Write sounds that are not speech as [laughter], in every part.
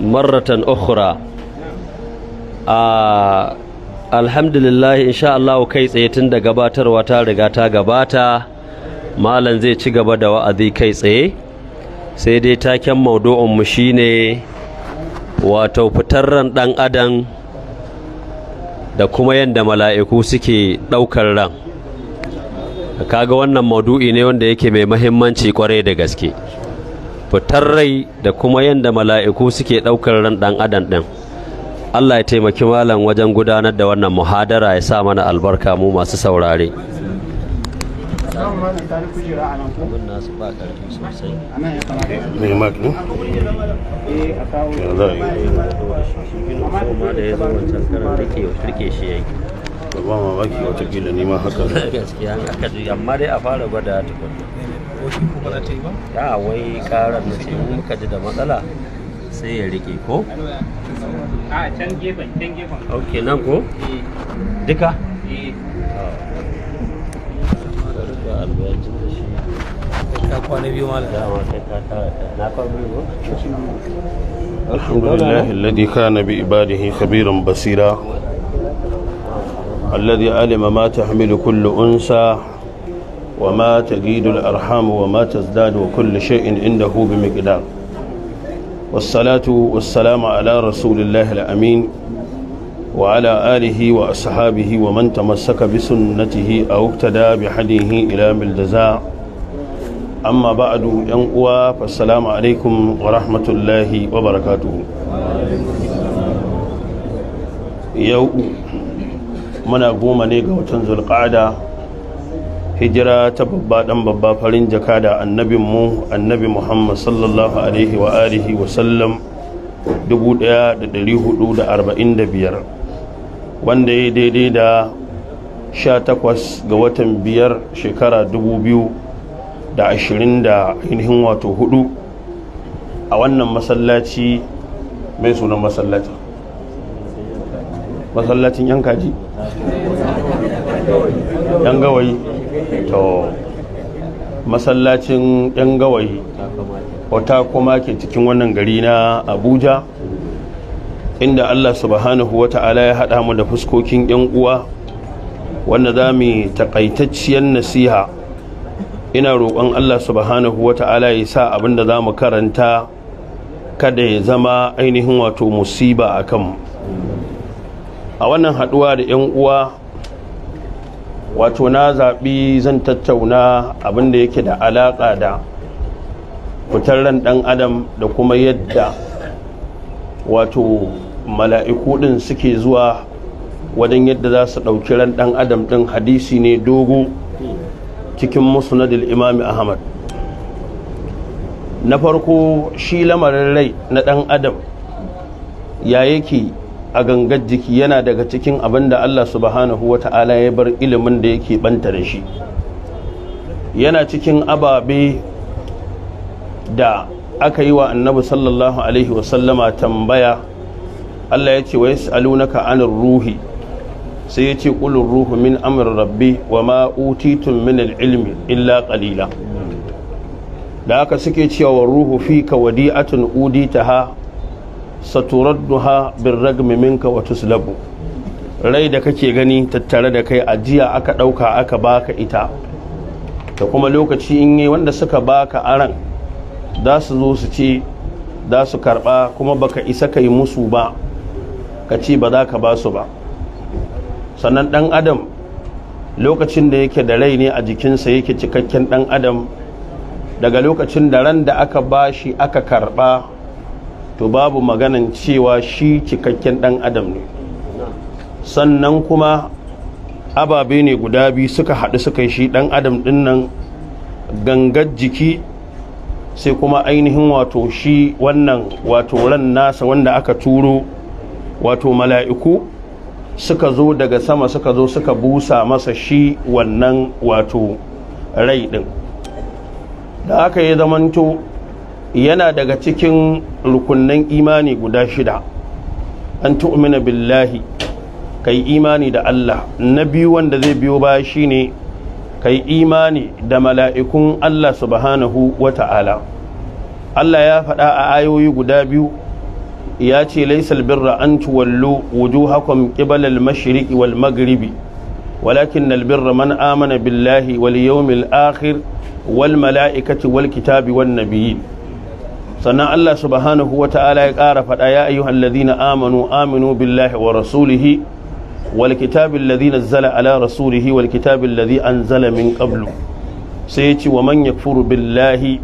maratan ukhra a alhamdulillah insha Allah kai tsaye tun da gabatarwa ta riga ta gabata malam zai ci gaba da wa'azi kai tsaye sai dai taken maudu’un mu shine wato fitar ran dan adam da kuma yadda mala'iku suke daukar ran kaga wannan maudu'i ne wanda yake mai mahimmanci kwarai da gaske fitar rai da kuma yadda mala'iku suke ɗaukar ran ɗan adam ɗin allah ya taimaki malam wajen gudanar da wannan muhadara ya sa mana albarka mu masu saurare amma dai a fara gwada kofi ko ba wai karar na ce muka ji da matsala sai ya rike ko a can gefen can gefen ok nan ko eh. duka ka eh. kwana biyu malam na kwana biyu الحمد لله الذي كان بعباده خبيرا بصيرا الذي وما تجيد الأرحام وما تزداد وكل شيء عنده بمقدار والصلاة والسلام على رسول الله الأمين وعلى آله وأصحابه ومن تمسك بسنته أو اقتدى بحديه إلى بالجزاء أما بعد ينقوى فالسلام عليكم ورحمة الله وبركاته يوم من أقوم نيقى وتنزل قعدة hijira ta babba dan babba farin jaka da annabin mu annabi muhammad sallallahu alaihi wa alihi wa sallam 1445 wanda ya daidai da 18 ga watan biyar shekara 2000 da 20 da ainihin wato hudu a wannan masallaci mai sunan masallaci masallacin yan kaji yan gawayi to masallacin yan gawayi wata kuma ke cikin wannan gari na abuja inda allah subhanahu wa ta'ala ya haɗa mu da fuskokin yan uwa wanda za mu takaitacciyar nasiha ina roƙon allah subhanahu wa ta'ala ya sa abin da za mu karanta kada ya zama ainihin wato musiba a kanmu a wannan haɗuwa da yan uwa wato na zaɓi zan tattauna abin da yake da alaƙa da fitar ran ɗan adam da kuma yadda wato mala'iku ɗin suke zuwa wajen yadda za su ɗauki ran ɗan adam ɗin hadisi ne dogo cikin musnadul imami ahmad na farko shi lamarin rai na ɗan adam ya yake a gangar jiki yana daga cikin abin da Allah subhanahu wa ta'ala ya bar ilimin da yake banta da shi yana cikin ababe da aka yi wa annabi sallallahu alaihi wasallama tambaya Allah ya ce wa yas'alunaka anir ruhi sai ya ce ƙulun ruhu min amir rabbi wa ma utitun min ilmi illa qalila da aka suke cewa ruhu fi ka wadi'atun uditaha bin ragmi minka wa tuslabu rai da kake gani tattare da kai ajiya aka ɗauka aka baka ita da kuma lokaci in yi wanda suka baka aran za su zo su ce za su karɓa kuma baka isa ka yi musu ba ka ce ba za ka ba su ba sannan ɗan adam lokacin da yake da rai ne a jikinsa yake cikakken ɗan adam daga lokacin da ran da aka bashi aka karɓa to babu maganan cewa shi cikakken ɗan adam ne sannan kuma ababe ne guda biyu suka haɗu suka yi shi ɗan adam ɗin nan gangar jiki sai kuma ainihin wato shi wannan wato ran nasa wanda aka turo wato mala'iku suka zo daga sama suka zo suka busa masa shi wannan wato rai ɗin da aka yi zamanto yana daga cikin rukunnan imani guda shida an tu'mina billahi kai imani da Allah na biyu wanda zai biyo baya shine kai imani da mala'ikun Allah subhanahu wa ta'ala Allah ya faɗa a ayoyi guda biyu ya ce laisal birra an tuwallo wujuhakum qibala al wal maghribi walakin al-birra man amana billahi wal yawmil akhir wal mala'ikati wal kitabi wan nabiyyin sannan Allah subhanahu wa ta'ala ya ƙara faɗa ya ayyuhan ladina amanu aminu billahi wa rasulihi wal kitabil nazzala ala rasulihi wal kitabil ladhi anzala min qablu sai ya wa man yakfuru billahi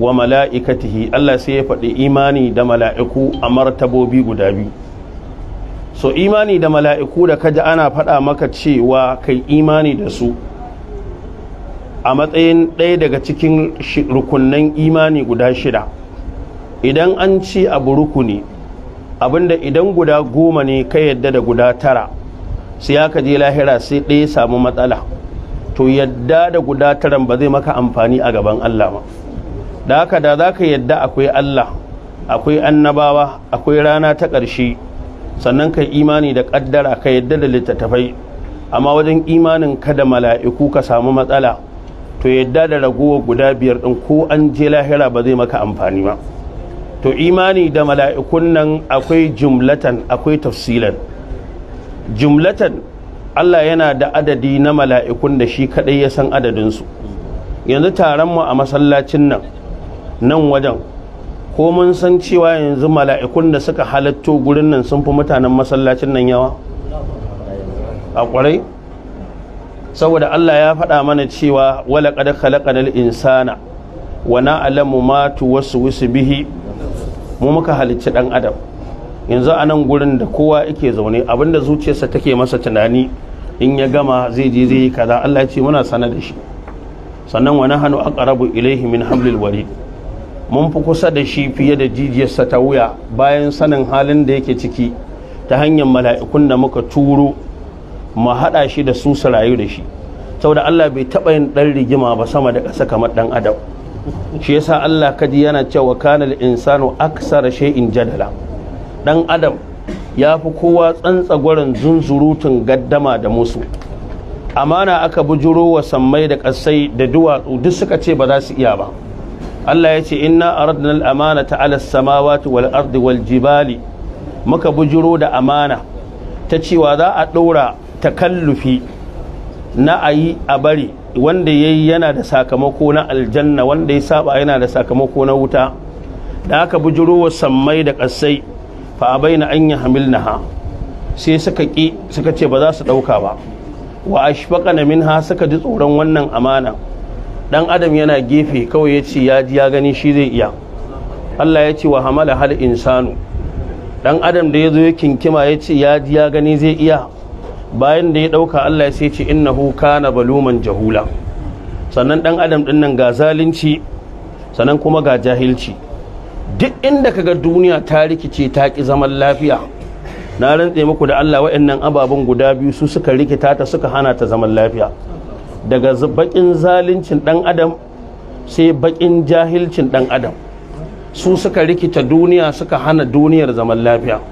wa mala'ikatihi Allah sai ya faɗi imani da mala'iku a martabobi guda biyu so imani da mala'iku da kaji ana faɗa maka cewa kai imani da su a matsayin ɗaya daga cikin rukunnan imani guda shida idan an ci abu rukuni abinda idan guda goma ne ka yadda da guda tara sai ya je lahira sai ɗaya samu matsala to yadda da guda taran ba zai maka amfani a gaban Allah ba da haka da za ka yadda akwai Allah akwai annabawa akwai rana ta ƙarshe sannan ka imani da ƙaddara ka yadda da littattafai amma wajen imanin ka da mala'iku ka samu matsala to yadda da ragowar guda biyar ɗin ko an je lahira ba zai maka amfani ba to imani da mala'ikun nan akwai jumlatan akwai tafsilan jumlatan Allah yana da adadi na mala'ikun da shi kaɗai ya san adadinsu yanzu taron mu a masallacin nan nan wajen ko mun san cewa yanzu mala'ikun da suka halatto gurin nan sun fi mutanen masallacin nan yawa a ƙwarai saboda Allah ya faɗa mana cewa walaƙad khalaqanal insana wa matu ma wasu bihi mu muka halicci dan adam yanzu a nan gurin da kowa yake zaune abinda zuciyarsa take masa tunani in ya gama zai je zai yi kaza Allah ya ce muna sana da shi sannan wa hannu aqrabu ilayhi min hablil warid mun fi kusa da shi fiye da jijiyarsa ta wuya bayan sanin halin da yake ciki ta hanyar mala'ikun da muka turo mu haɗa shi da su su rayu da shi saboda Allah bai taba yin ɗan rigima ba sama da ƙasa kamar ɗan adam shi yasa Allah kaji yana cewa kanal insanu aksara in jadala dan adam ya fi kowa tsantsa gwarin zunzurutun gaddama da musu amana aka bujuro wa sammai da kasai da duwatsu duk suka ce ba za su iya ba Allah ya ce inna aradna al ta ala samawati wal ardi wal jibali muka bujuro da amana ta cewa za a ɗora takallufi na a yi a bari wanda ya yi yana da sakamako na aljanna wanda ya saba yana da sakamako na wuta da aka bujiro wa sammai da ƙasai fa a bai na an yi ha sai suka ƙi suka ce ba za su ɗauka ba wa a shifaka na min ha suka ji tsoron wannan amana ɗan adam yana gefe kawai ya ce ya ji ya gani shi zai iya allah ya ce wa hamala hal insanu ɗan adam da ya zo ya kinkima ya ce ya ji ya gani zai iya bayan da ya ɗauka Allah ya ce innahu kana baluman jahula sannan ɗan adam din nan ga zalunci sannan kuma ga jahilci duk inda kaga duniya ta rikice ta ki zaman lafiya na rantse muku da Allah wa'annan ababen guda biyu su suka rikita ta suka hana ta zaman lafiya daga bakin zaluncin dan adam sai bakin jahilcin dan adam su suka rikita duniya suka hana duniyar zaman lafiya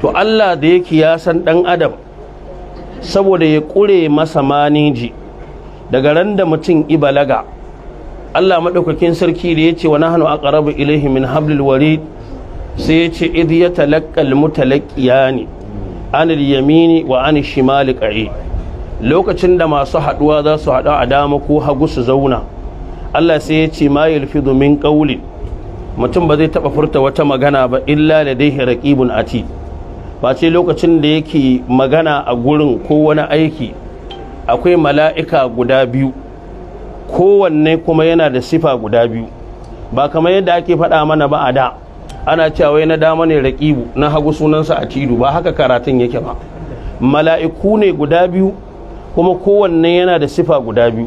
to Allah da yake ya san dan adam saboda ya ƙure masa maniji daga ran da mutum ibalaga Allah maɗaukakin sarki da ya ce wa nahanu aqrabu ilaihi min hablil warid sai ya ce id yatalaqqal mutalaqiyani anil yamini wa an shimali qa'i lokacin da masu haɗuwa za su haɗu a dama ko hagu su zauna Allah sai ya ce ma yalfidu min qawlin mutum ba zai taɓa furta wata magana ba illa da ladaihi raqibun atid face lokacin da yake magana a gurin ko wani aiki akwai mala'ika guda biyu kowanne kuma yana da sifa guda biyu ba kamar yadda ake faɗa mana ba a da ana cewa na dama ne raƙibu na hagu sunansa a tidu ba haka karatun yake ba mala'iku ne guda biyu kuma kowanne yana da sifa guda biyu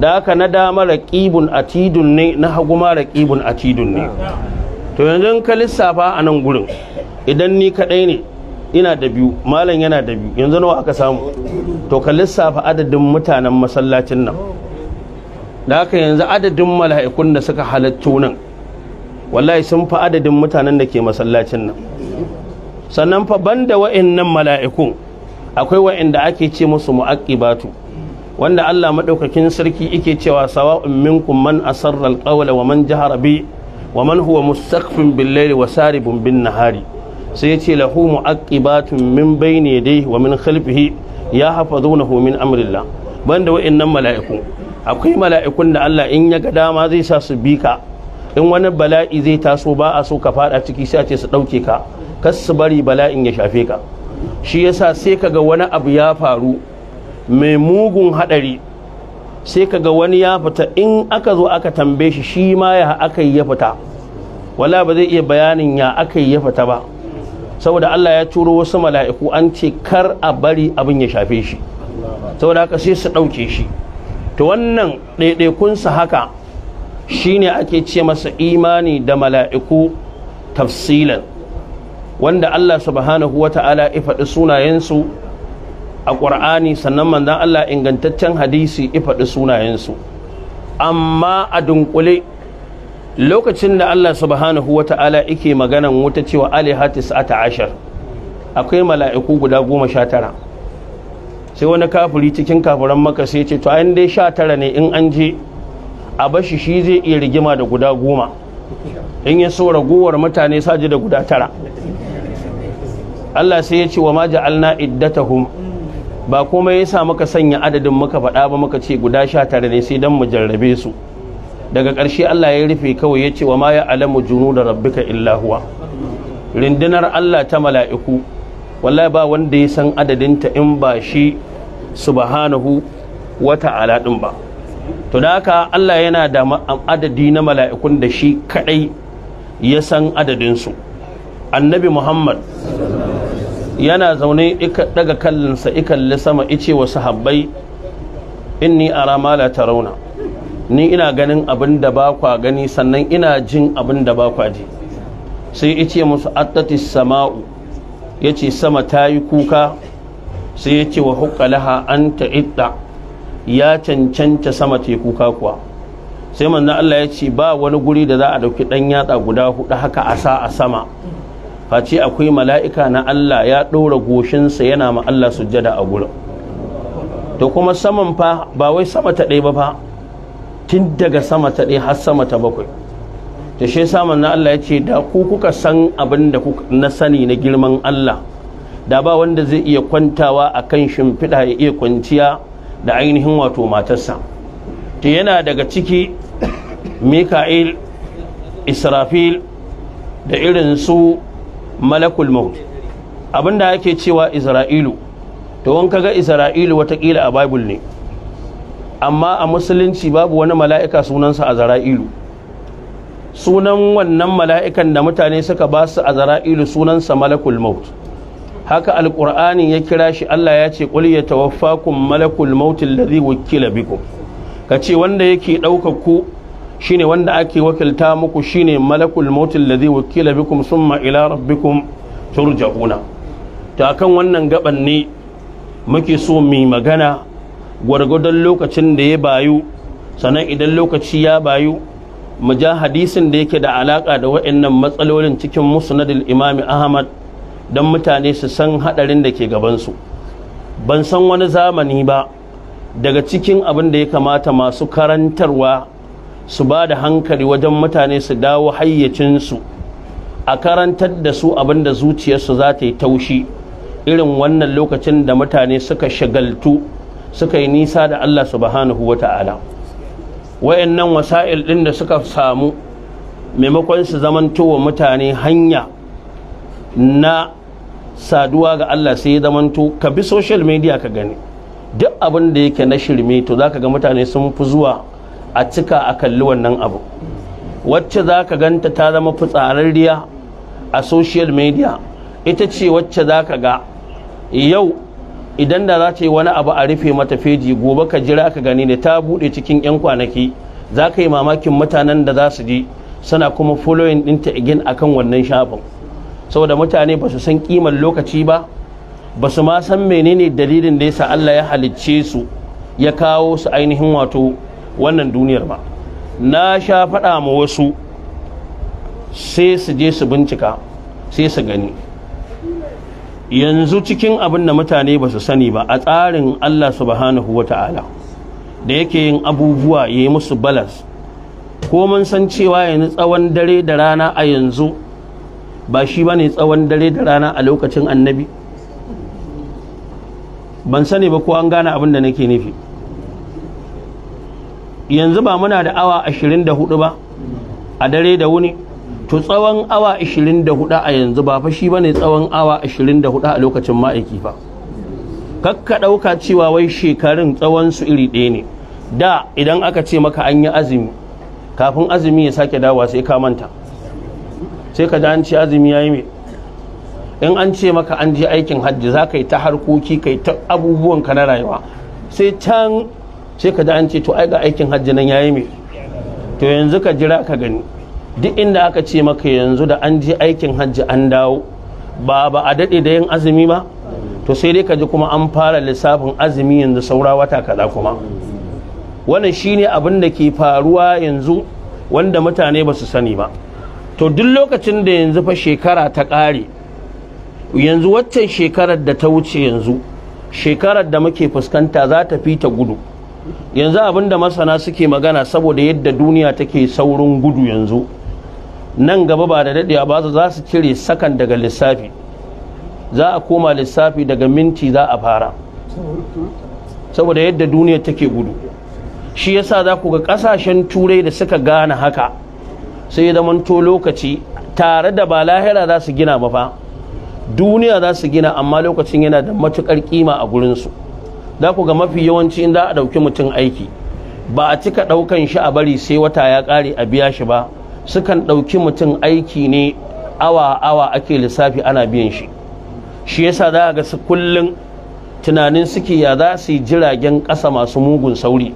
da haka na dama raƙibun a tidun ne na hagu ma raƙibun a tidun ne to yanzu ka lissafa a nan gurin idan ni kaɗai ne ina da biyu malam yana da biyu yanzu nawa aka samu to ka lissafa adadin mutanen masallacin nan da haka yanzu adadin mala'ikun da suka halatto nan wallahi sun fa adadin mutanen da ke masallacin nan sannan fa banda wa'annan mala'ikun akwai wa'anda ake ce musu mu'aqibatu wanda Allah madaukakin sarki yake cewa sawa'un minkum man asarra alqawla wa man jahara bi wa man huwa mustaqfin bil-layli wa saribun bin-nahari sai ya ce lahu mu'aqibatun min ne yadayhi wa min khalfihi ya hafazunahu min amrillah banda waɗannan mala'iku akwai mala'ikun da Allah in ya ga dama zai sa su bi ka in wani bala'i zai taso ba a so ka fada ciki sai a ce su ɗauke ka kas su bari bala'in ya shafe ka shi yasa sai kaga wani abu ya faru mai mugun hadari sai kaga wani ya fita in aka zo aka tambaye shi shi ma ya aka yi ya fita wala ba zai iya bayanin ya aka yi ya fita ba saboda Allah ya turo wasu mala'iku an ce kar a bari abin ya shafe shi saboda haka sai su ɗauke shi ta wannan ɗaiɗaikunsa haka shine ake ce masa imani da mala'iku tafsilan wanda Allah subhanahu wa ta'ala ya faɗi sunayensu a ƙwar'ani sannan manzan Allah ingantaccen hadisi ya faɗi sunayensu amma a dunkule lokacin da Allah subhanahu wa ta'ala yake maganan wuta cewa aliha tis'ata ashar akwai mala'iku guda goma sha tara sai wani kafuri cikin kafuran maka sai ce to ayin dai sha tara ne in an je a bashi shi zai iya rigima da guda goma in ya so ragowar mutane saji da guda tara Allah sai ya ce wa ma ja'alna iddatahum ba komai ya sa muka sanya adadin muka faɗa ba muka ce guda sha tara ne sai dan mu jarrabe su daga ƙarshe Allah ya rufe kawai ya ce wa ma ya alamu junu da rabbika illa huwa rindinar Allah ta mala'iku wallahi ba wanda ya san adadinta in ba shi subhanahu wa ta'ala din ba to da haka Allah yana da adadi na mala'ikun da shi kadai ya san adadin su annabi Muhammad yana zaune ika daga kallinsa ikalli sama ice wa sahabbai inni ara ma la tarawna ni ina ganin abin da ba kwa gani sannan ina jin abin da ba kwa ji sai ya ce musu attatis sama'u ya ce sama ta yi kuka sai ya ce wa hukalaha an ta'idda ya cancanta sama ta yi kuka kuwa sai manzan Allah ya ce ba wani guri da za a ɗauki ɗan yatsa guda hudu haka a sa a sama face akwai mala'ika na Allah ya ɗora goshinsa yana ma Allah sujjada a gurin to kuma saman fa ba wai sama ta ɗaya ba fa tun daga sama ta ɗaya har sama ta bakwai da shi saman na Allah ya ce da ku kuka san abin da na sani na girman Allah da ba wanda zai iya kwantawa a kan shimfiɗa ya iya kwanciya da ainihin wato matarsa ta yana daga ciki mika'il israfil da irin su malakul maut da ake cewa isra'ilu to wanka ga isra'ilu watakila a bible ne amma a musulunci babu wani mala'ika sunansa a zara'ilu sunan wannan mala'ikan da mutane suka ba su a zara'ilu sunansa malakul maut haka alƙur'ani ya kira shi Allah ya ce ƙul ya kun malakul mautin da zai wakila biku ka ce wanda yake ɗaukar ku shine wanda ake wakilta muku shine malakul mautin da zai wakila bikum summa ila rabbikum turja'una ta kan wannan gaban ne muke so mai magana gwargwadon lokacin da ya bayu sannan idan lokaci ya bayu mu ja hadisin da yake da alaka da wa'annan matsalolin cikin musnadul imami ahmad don mutane su san hadarin da ke gabansu ban san wani zamani ba daga cikin abin da ya kamata masu karantarwa su ba da hankali wajen mutane su dawo hayyacinsu a karantar da su abin da zuciyarsu za ta yi taushi irin wannan lokacin da mutane suka shagaltu suka yi nisa da Allah subhanahu wa ta'ala wayannan wasa'il ɗin da suka samu maimakon su zamantowa wa mutane hanya na saduwa ga Allah sai zamanto ka bi social media ka gani duk abin da yake na shirme to zaka ga mutane sun fi zuwa a cika a kalli wannan abu wacce zaka ganta ta zama fitsararriya a social media ita ce wacce zaka ga yau idan da za ta yi wani abu a rufe mata feji gobe ka jira ka gani ne ta buɗe cikin 'yan kwanaki za ka yi mamakin mutanen da za su je sana kuma following ɗinta igin akan wannan shafin saboda mutane ba su san kimar lokaci ba ba su ma san menene dalilin da yasa Allah ya halicce su ya kawo su ainihin wato wannan duniyar ba na sha faɗa ma wasu sai su je su bincika sai su gani yanzu cikin abin da mutane ba su sani ba a tsarin Allah subhanahu wa ta'ala da yake yin abubuwa ya yi musu balas ko mun san cewa yanzu tsawon dare da rana a yanzu ba shi ba ne tsawon dare da rana a lokacin annabi ban sani ba ko an gane abin da nake nufi yanzu ba muna da awa 24 ba a dare da wuni to tsawon awa 24 a yanzu ba fa shi bane tsawon awa 24 a lokacin ma'aiki ba kakka ɗauka cewa wai shekarun tsawon su iri ɗaya ne da idan aka ce maka an yi azumi kafin azumi ya sake dawa sai ka manta sai ka an ce azumi yi me in an ce maka an je aikin hajji za ka yi ta harkoki ka yi ta abubuwan ka na rayuwa sai can sai ka an ce to ai ga aikin hajji nan ya yi me to yanzu ka jira ka gani duk inda aka ce maka yanzu da an ji aikin hajji an dawo ba ba a daɗe da yin azumi ba to sai dai ka ji kuma an fara lissafin azumi yanzu saura wata kaza kuma wannan shine abin da ke faruwa yanzu wanda mutane ba su sani ba to duk lokacin da yanzu fa shekara ta ƙare yanzu waccan shekarar da ta wuce yanzu shekarar da muke fuskanta za ta fi ta gudu yanzu abin da masana suke magana saboda yadda duniya take saurin gudu yanzu nan gaba ba da daɗewa ba za su cire sakan daga lissafi za a koma lissafi daga minti za a fara saboda yadda duniya take gudu shi yasa za ku ga ƙasashen turai da suka gane haka sai ya zamanto lokaci tare da ba lahira za su gina ba fa duniya za su gina amma lokacin yana da matuƙar kima a gurinsu za ku ga mafi yawanci in za a ɗauki mutum aiki ba a cika ɗaukan shi a bari sai wata ya ƙare a biya shi ba sukan ɗauki mutum aiki ne awa awa ake lissafi ana biyan shi shi yasa za ga su kullum tunanin suke ya za su yi jiragen ƙasa masu mugun sauri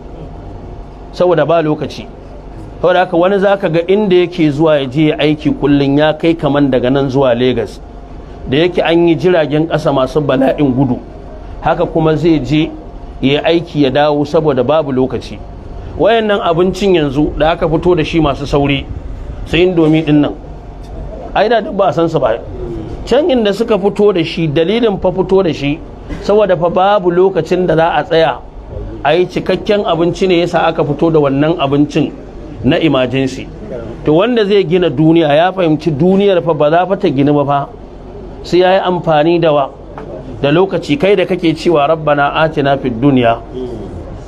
saboda ba lokaci saboda haka wani za ka ga inda yake zuwa ya je aiki kullum ya kai kaman daga nan zuwa Legas da yake an yi jiragen ƙasa masu bala'in gudu haka kuma zai je ya aiki ya dawo saboda babu lokaci wayannan abincin yanzu da aka fito da shi masu sauri sai indomi din nan ai da duk ba san su ba can inda suka fito da shi dalilin fa fito da shi saboda fa babu lokacin da za a tsaya a yi cikakken abinci ne yasa aka fito da wannan abincin na emergency to wanda zai gina duniya ya fahimci duniyar fa ba za fa ta gina ba fa sai ya yi amfani da wa da lokaci kai da kake cewa rabbana atina fid dunya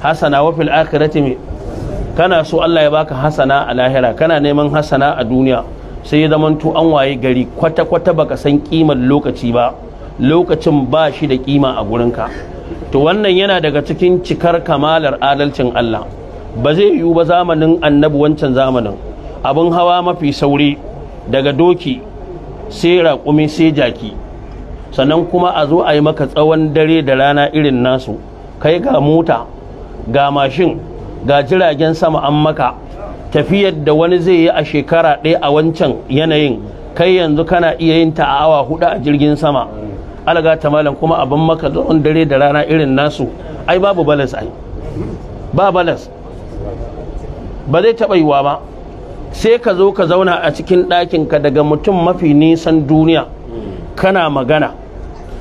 hasana wa fil akhirati kana so Allah ya baka hasana a lahira kana neman hasana a duniya sai ya zamanto an waye gari kwata-kwata baka san kimar lokaci ba lokacin ba shi da kima a gurinka to wannan yana daga cikin cikar kamalar adalcin Allah ba zai yiwu ba zamanin annabi wancan zamanin abin hawa mafi sauri daga doki sai raƙumi sai jaki sannan kuma a zo a yi maka tsawon dare da rana irin nasu kai ga mota ga mashin ga jiragen sama an maka tafiyar da wani zai yi a shekara ɗaya a wancan yanayin kai yanzu kana iya yin ta a awa hudu a jirgin sama alaga ta malam kuma abin maka zuwan dare da rana irin nasu ai babu balas ai ba balas ba zai taɓa yiwa ba sai ka zo ka zauna a cikin ɗakin ka daga mutum mafi nisan duniya kana magana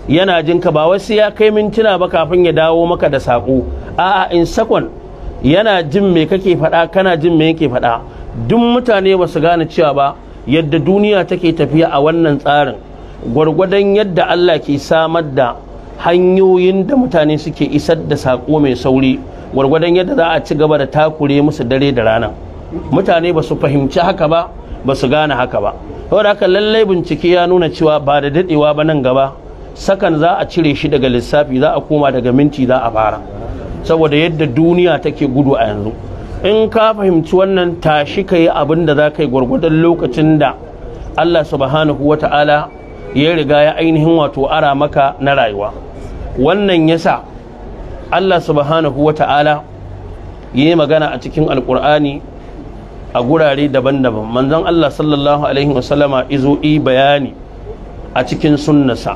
yana jinka ba wasu ya kai mintuna ba kafin ya dawo maka da saƙo a'a in sakon yana jin me kake faɗa kana jin mai yake faɗa duk mutane ba su gane cewa ba yadda duniya take tafiya a wannan tsarin gwargwadon yadda Allah ke samar da hanyoyin da mutane suke isar da saƙo mai sauri gwargwadon yadda za a ci gaba da takure musu dare da rana mutane ba su fahimci haka ba ba su gane haka ba saboda haka lallai bincike ya nuna cewa ba da daɗewa ba nan gaba sakan za a cire shi daga lissafi za a koma daga minti za a fara saboda yadda duniya take gudu a yanzu in ka fahimci wannan tashi ka yi abin da za ka yi gwargwadon lokacin da Allah subhanahu wa ta'ala ya riga ya ainihin wato ara maka na rayuwa wannan yasa Allah subhanahu wa ta'ala ya yi magana a cikin alkur'ani a gurare daban-daban manzon Allah sallallahu alaihi wasallama izo i bayani a cikin sunnasa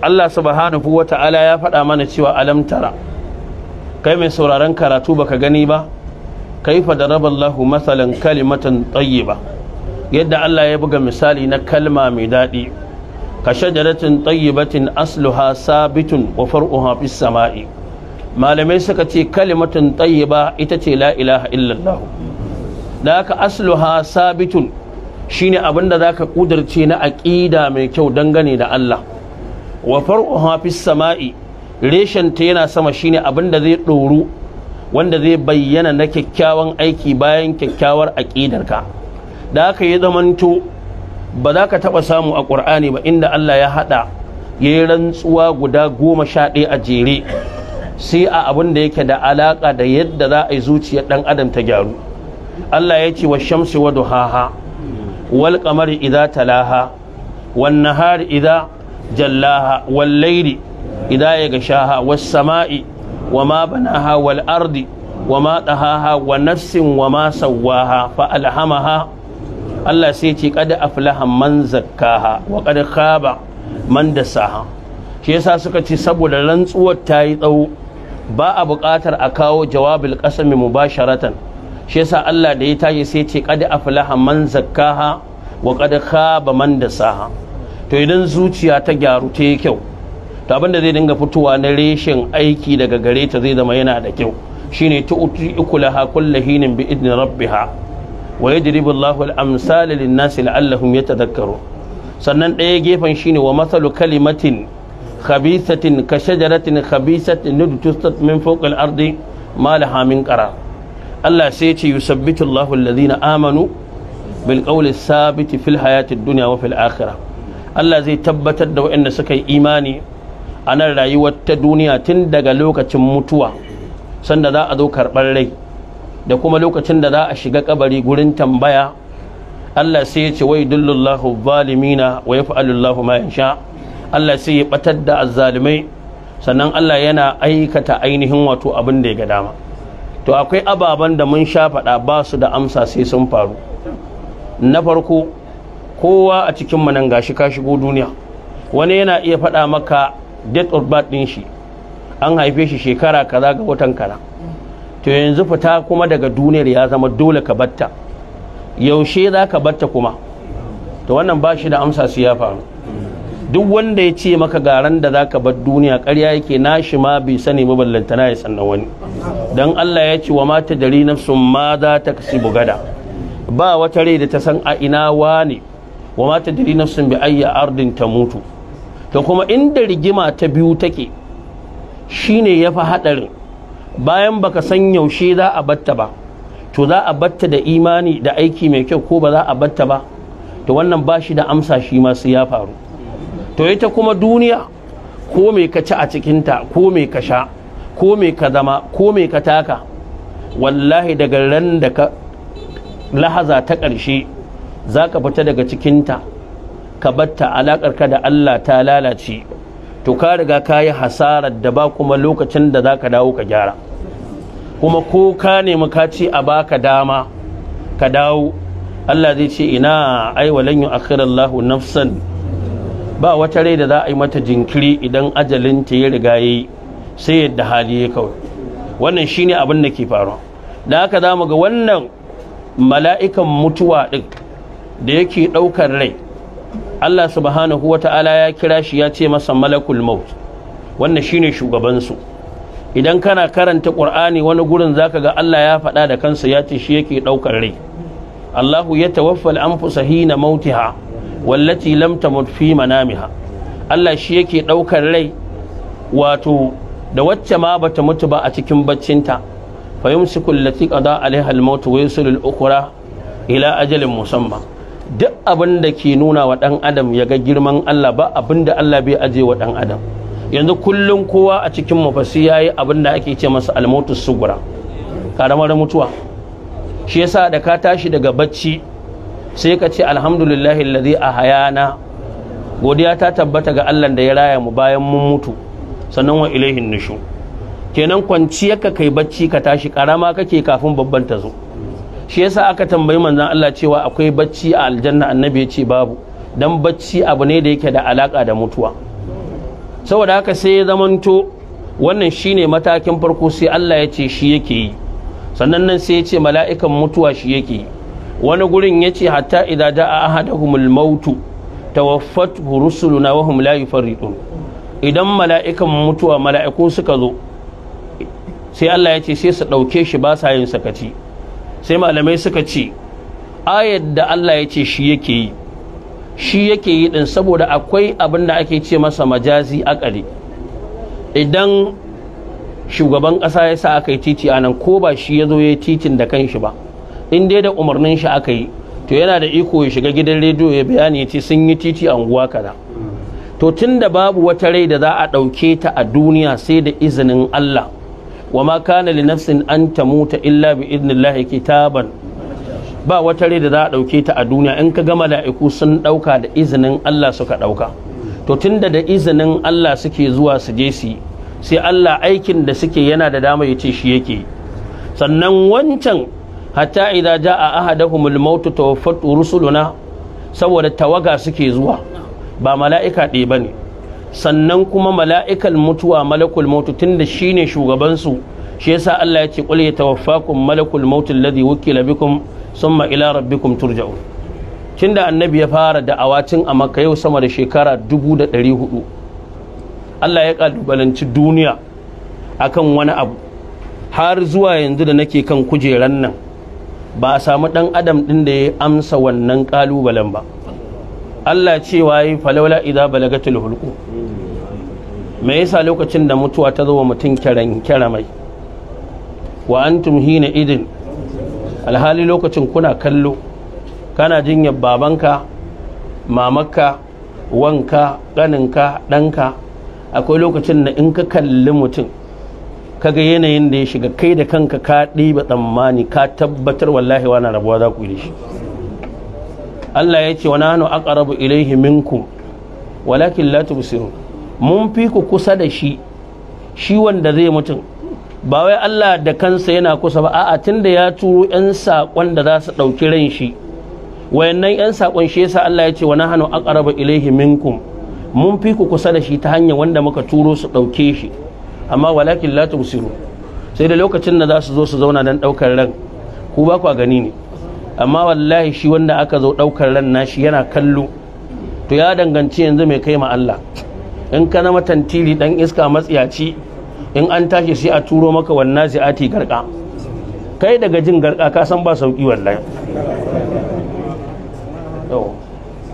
Allah subhanahu wa ta'ala ya faɗa mana cewa alamtara kai mai sauraron karatu baka gani ba kaifa daraballahu masalan kalimatan tayyiba yadda Allah ya buga misali na kalma mai daɗi ka shajaratin tayyibatin asluha sabitun wa far'uha fis sama'i malamai suka ce kalimatun tayyiba ita ce la ilaha illallah da aka asluha sabitun shine abinda zaka kudurce na aqida mai kyau dangane da Allah wa far'uha fis sama'i reshen ta yana sama shine abin da zai ɗoru wanda zai bayyana na kyakkyawan aiki bayan kyakkyawar aƙidarka da aka yi zamanto ba za ka taɓa samu a ƙur'ani ba inda Allah ya haɗa ya yi rantsuwa guda goma sha ɗaya a jere sai a abin da yake da alaƙa da yadda za a yi zuciyar ɗan adam ta gyaru Allah ya ce wa shamsi wa duhaha wal qamari idza talaha wan nahari idza jallaha wal layli idza yaghshaha was sama'i wama banaha wal ardi wama dahaha wa nafsin wama sawaha fa alhamaha Allah sai ce qad aflaha man zakkaha wa qad khaba man dasaha shi suka ci saboda rantsuwar tayi tsawo ba a buƙatar a kawo jawabul qasami mubasharatan shi yasa Allah da ya tashi sai ce qad aflaha man zakkaha wa qad khaba man dasaha to idan zuciya ta gyaru ta yi kyau to abinda zai dinga fitowa na reshen aiki daga gare ta zai zama yana da kyau shine tu'ti ukulaha kullu hinin bi idni rabbiha wa yadribu Allahu al-amsala lin-nasi la'allahum yatadhakkarun sannan ɗaya gefen shine wa masalu kalimatin khabisatin ka shajaratin khabisatin nudtusat min fawqi al-ardi ma laha min Allah sai ya ce yusabbitu Allahu alladhina amanu bil qawli sabiti fil hayati ad-dunya wa fil akhirah Allah zai tabbatar da waɗanda suka yi imani a nan rayuwar ta duniya tun daga lokacin mutuwa sanda za a zo karɓar rai da kuma lokacin da za a shiga kabari gurin tambaya Allah sai ya ce wai dullullahu zalimina wa yaf'alullahu ma yansha Allah sai ya batar da azzalimai sannan Allah yana aikata ainihin wato abin da ya ga dama to akwai ababen da mun sha faɗa ba su da amsa sai sun faru na farko kowa a cikin nan gashi ka shigo duniya wani yana iya faɗa maka date of birth din shi an haife shi shekara kaza ga watan kaza to yanzu fita kuma daga duniyar ya zama dole ka batta yaushe za ka batta kuma to wannan ba shi da amsa su ya faru duk wanda ya ce maka garan da za ka bar duniya karya yake nashi ma bai sani maballantana ya sannan wani don Allah ya ce wa mata dari nafsun ma za ta kasi bugada ba wata rai da ta san a ina wa ne wa mata dari nafsun bi ayya ardin ta mutu da kuma inda rigima ta biyu take shine ya fi haɗarin bayan baka san yaushe za a batta ba to za a batta da imani da aiki mai kyau ko ba za a batta ba to wannan ba shi da amsa shi ma sai ya faru to ita kuma duniya ko mai ka ci a cikinta ko mai ka sha ko mai ka zama ko mai ka taka wallahi daga ran da ka lahaza ta ƙarshe za ka fita daga cikinta ka batta alakar ka da Allah ta lalace to ka riga ka yi hasarar da ba kuma lokacin da za ka dawo ka gyara kuma ko ka nemi ka ce a baka dama ka dawo Allah zai ce ina ai walan allahu nafsan ba wata rai da za a yi mata jinkiri idan ajalinta ya riga yi sai yadda hali ya kawai wannan shine abin da ke faruwa da haka za mu ga wannan mala'ikan mutuwa ɗin da yake ɗaukar rai Allah subhanahu wata'ala ya kira shi ya ce masa malakul maut wannan shine shugabansu idan kana karanta qur'ani wani gurin zaka ga Allah ya faɗa da kansa ya ce shi yake ɗaukar rai Allahu ya tawaffal anfusa hina mautiha wallati lam tamut fi manamiha Allah shi yake ɗaukar rai wato da wacce ma bata mutu ba a cikin baccinta fa yumsiku allati qada alaiha al-maut wa yusilu al-ukhra ila ajalin musamma duk abin da ke nuna wa ɗan adam ya ga girman Allah ba abin da Allah bai aje wa ɗan adam yanzu kullum kowa a cikin mafasi ya yi abin da ake ce masa almotu sugura karamar mutuwa shi yasa da ka tashi daga bacci sai ka ce alhamdulillahi haya na. godiya ta tabbata ga Allah da ya raya mu bayan mun mutu sannan wa ilaihin nushu kenan kwanciyarka kai bacci ka tashi karama kake kafin babban ta zo shi yasa aka tambayi manzon Allah cewa akwai bacci a aljanna annabi ya ce babu dan bacci abu ne da yake da alaka da mutuwa saboda haka sai ya zamanto wannan shine matakin farko sai Allah ya ce shi yake yi sannan nan sai ya ce mala'ikan mutuwa shi yake yi wani gurin ya ce hatta idza da'a ahadahumul mautu tawaffathu rusuluna wa hum la yufarridun idan mala'ikan mutuwa mala'iku suka zo sai Allah ya ce sai su dauke shi ba sa yin sakaci sai malamai suka ce ayar da Allah ya ce shi yake yi shi yake yi din saboda akwai abin da ake ce masa majazi akali idan shugaban ƙasa ya sa aka yi titi a nan ko ba shi ya zo ya yi titin da kanshi ba in dai da umarnin shi aka yi to yana da iko ya shiga gidan rediyo ya bayani ya ce sun yi titi a unguwa kaza to tun da babu wata rai da za a ɗauke ta a duniya sai da izinin Allah wa ma kana li nafsin an tamuta illa bi idnillahi kitaban ba wata rai da za a dauke ta a duniya in ka ga mala'iku sun dauka da izinin Allah suka dauka to tunda da izinin Allah suke zuwa su je su sai Allah aikin da suke yana da dama yace shi yake sannan wancan hatta idza jaa ahaduhumul maut tawaffat rusuluna saboda tawaga suke zuwa ba mala'ika ɗaya bane sannan kuma mala'ikal mutuwa malakul da tunda ne shugabansu shi yasa Allah ya ce qul yatawaffakum malakul mautu alladhi wukila bikum summa ila rabbikum turja'un da annabi ya fara da'awa tun a maka yau sama da shekara dubu da ɗari hudu. Allah ya kalubalanci duniya akan wani abu har zuwa yanzu da nake kan kujeran nan ba a samu ɗan adam ɗin da ya amsa wannan kalubalen ba Allah cewa yi falawla idza balagatul hulqu me yasa lokacin da mutuwa ta zo wa mutum kiran kiramai wa antum hina idin alhali lokacin kuna kallo kana jinyar babanka mamakka wanka ƙaninka ɗanka akwai lokacin da in ka kalli mutum kaga yanayin da ya shiga kai da kanka ka ɗiba tsammani ka tabbatar wallahi wani rabuwa za ku yi shi Allah ya ce wa nanu aqrabu ilayhi minkum walakin la tubsirun mun fi ku kusa da shi shi wanda zai mutum ba wai Allah da kansa yana kusa ba a'a tunda ya turo yan sakon da za su dauki ran shi wayannan yan sakon shi yasa Allah ya ce wa nanu aqrabu ilayhi minkum mun fi ku kusa da shi ta hanyar wanda muka turo su dauke shi amma walakin la tubsirun sai da lokacin da za su zo su zauna dan daukar ran ku ba ku gani ne amma wallahi shi wanda aka zo ɗaukar ran nashi yana kallo to ya danganci yanzu mai kai ma Allah in ka na dan iska matsiyaci in an tashi sai a turo maka wannan zi'ati garka kai daga jin garka ka san ba sauki wallahi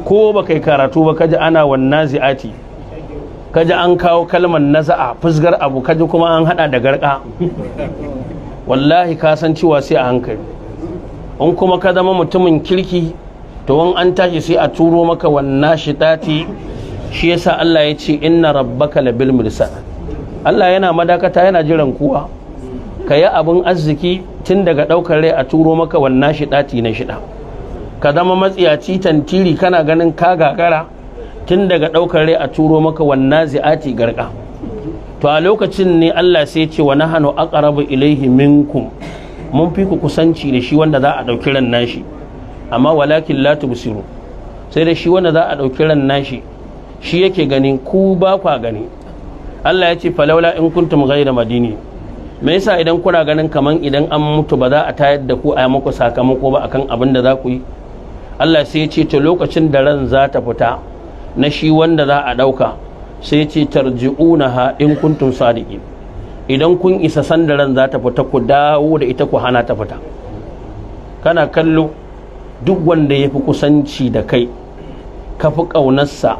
ko ba kai karatu ba kaji ana wannan zi'ati kaji an kawo kalmar naza'a fusgar abu kaji kuma an hada da garka wallahi ka san cewa sai a hankali in kuma ka zama mutumin kirki to wan an tashi sai a turo maka wannan shi tati shi yasa Allah ya ce inna rabbaka labil mursal Allah yana madakata yana jiran kuwa ka yi abin arziki tun daga daukar rai a turo maka wannan shi tati na shida ka zama matsiyaci tantiri kana ganin ka gagara tun daga daukar rai a turo maka wannan zi'ati garka to a lokacin ne Allah sai ya ce wa nahanu aqrabu ilaihi minkum mun fi ku kusanci da shi wanda za a ɗauki ran nashi amma walakin la tubsiru sai da shi wanda za a ɗauki ran nashi shi yake gani ku ba kwa gani Allah ya ce falaula in kuntum ghayra madini me yasa idan kuna ganin kaman idan an mutu ba za a tayar da ku a yi muku sakamako ba akan abin da za ku yi Allah sai ya ce to lokacin da ran za ta fita na shi wanda za a ɗauka sai ya ce tarji'unaha in kuntum sadiqin idan kun isa sandaran za ta fita ku dawo da ita ku hana ta fita kana kallo duk wanda ya fi kusanci da kai ka fi ƙaunarsa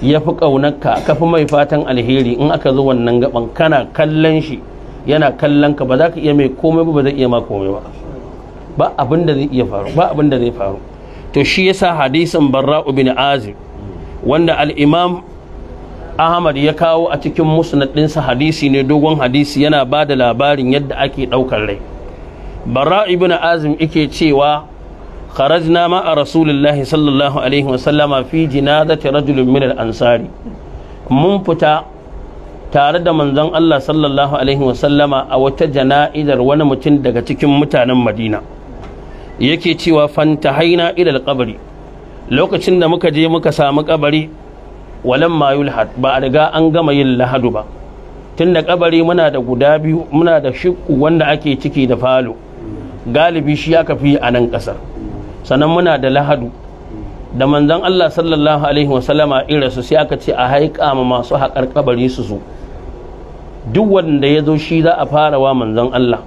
ya fi ƙaunarka ka fi mai fatan alheri in aka zo wannan gaban kana kallon shi yana kallon ka ba za ka iya mai komai ba ba zai iya ma komai ba ba abin da zai iya faru ba abin da zai faru to shi yasa hadisin barra'u bin azib wanda al-imam ahmad ya kawo a cikin musnad ɗinsa hadisi ne dogon hadisi yana ba da labarin yadda ake ɗaukar rai bara ibn azim yake cewa kharajna ma a rasulullahi sallallahu alaihi wasallama fi jinazati rajulun min al-ansari mun fita tare da manzon Allah sallallahu alaihi wasallama a wata jana'izar wani mutum daga cikin mutanen Madina yake cewa fanta ila al-qabri lokacin da muka je muka samu kabari walan ma yulhad ba a riga an gama yin lahadu ba tun da kabari muna da guda biyu muna da shiku wanda ake ciki da falo galibi shi aka fi a nan kasar sannan muna da lahadu da manzon Allah sallallahu alaihi wasallama irasu sai aka ce a haika ma masu haƙar kabari su zo duk wanda ya zo shi za a fara wa manzon Allah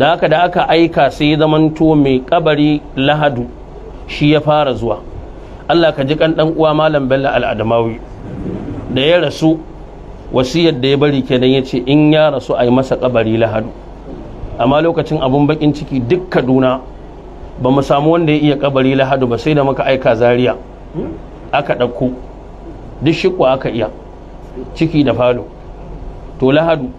da haka da aka aika sai zamanto mai kabari lahadu shi ya fara zuwa Allah ka ji kan dan uwa malam Bello al'adamawi da ya rasu wasiyar da ya bari kenan ce in ya rasu a yi masa kabari lahadu amma lokacin abun bakin ciki duk Kaduna ba mu samu wanda ya iya ƙabari lahadu ba sai da muka aika Zariya aka ɗauko duk shiƙo aka iya ciki da falo to lahadu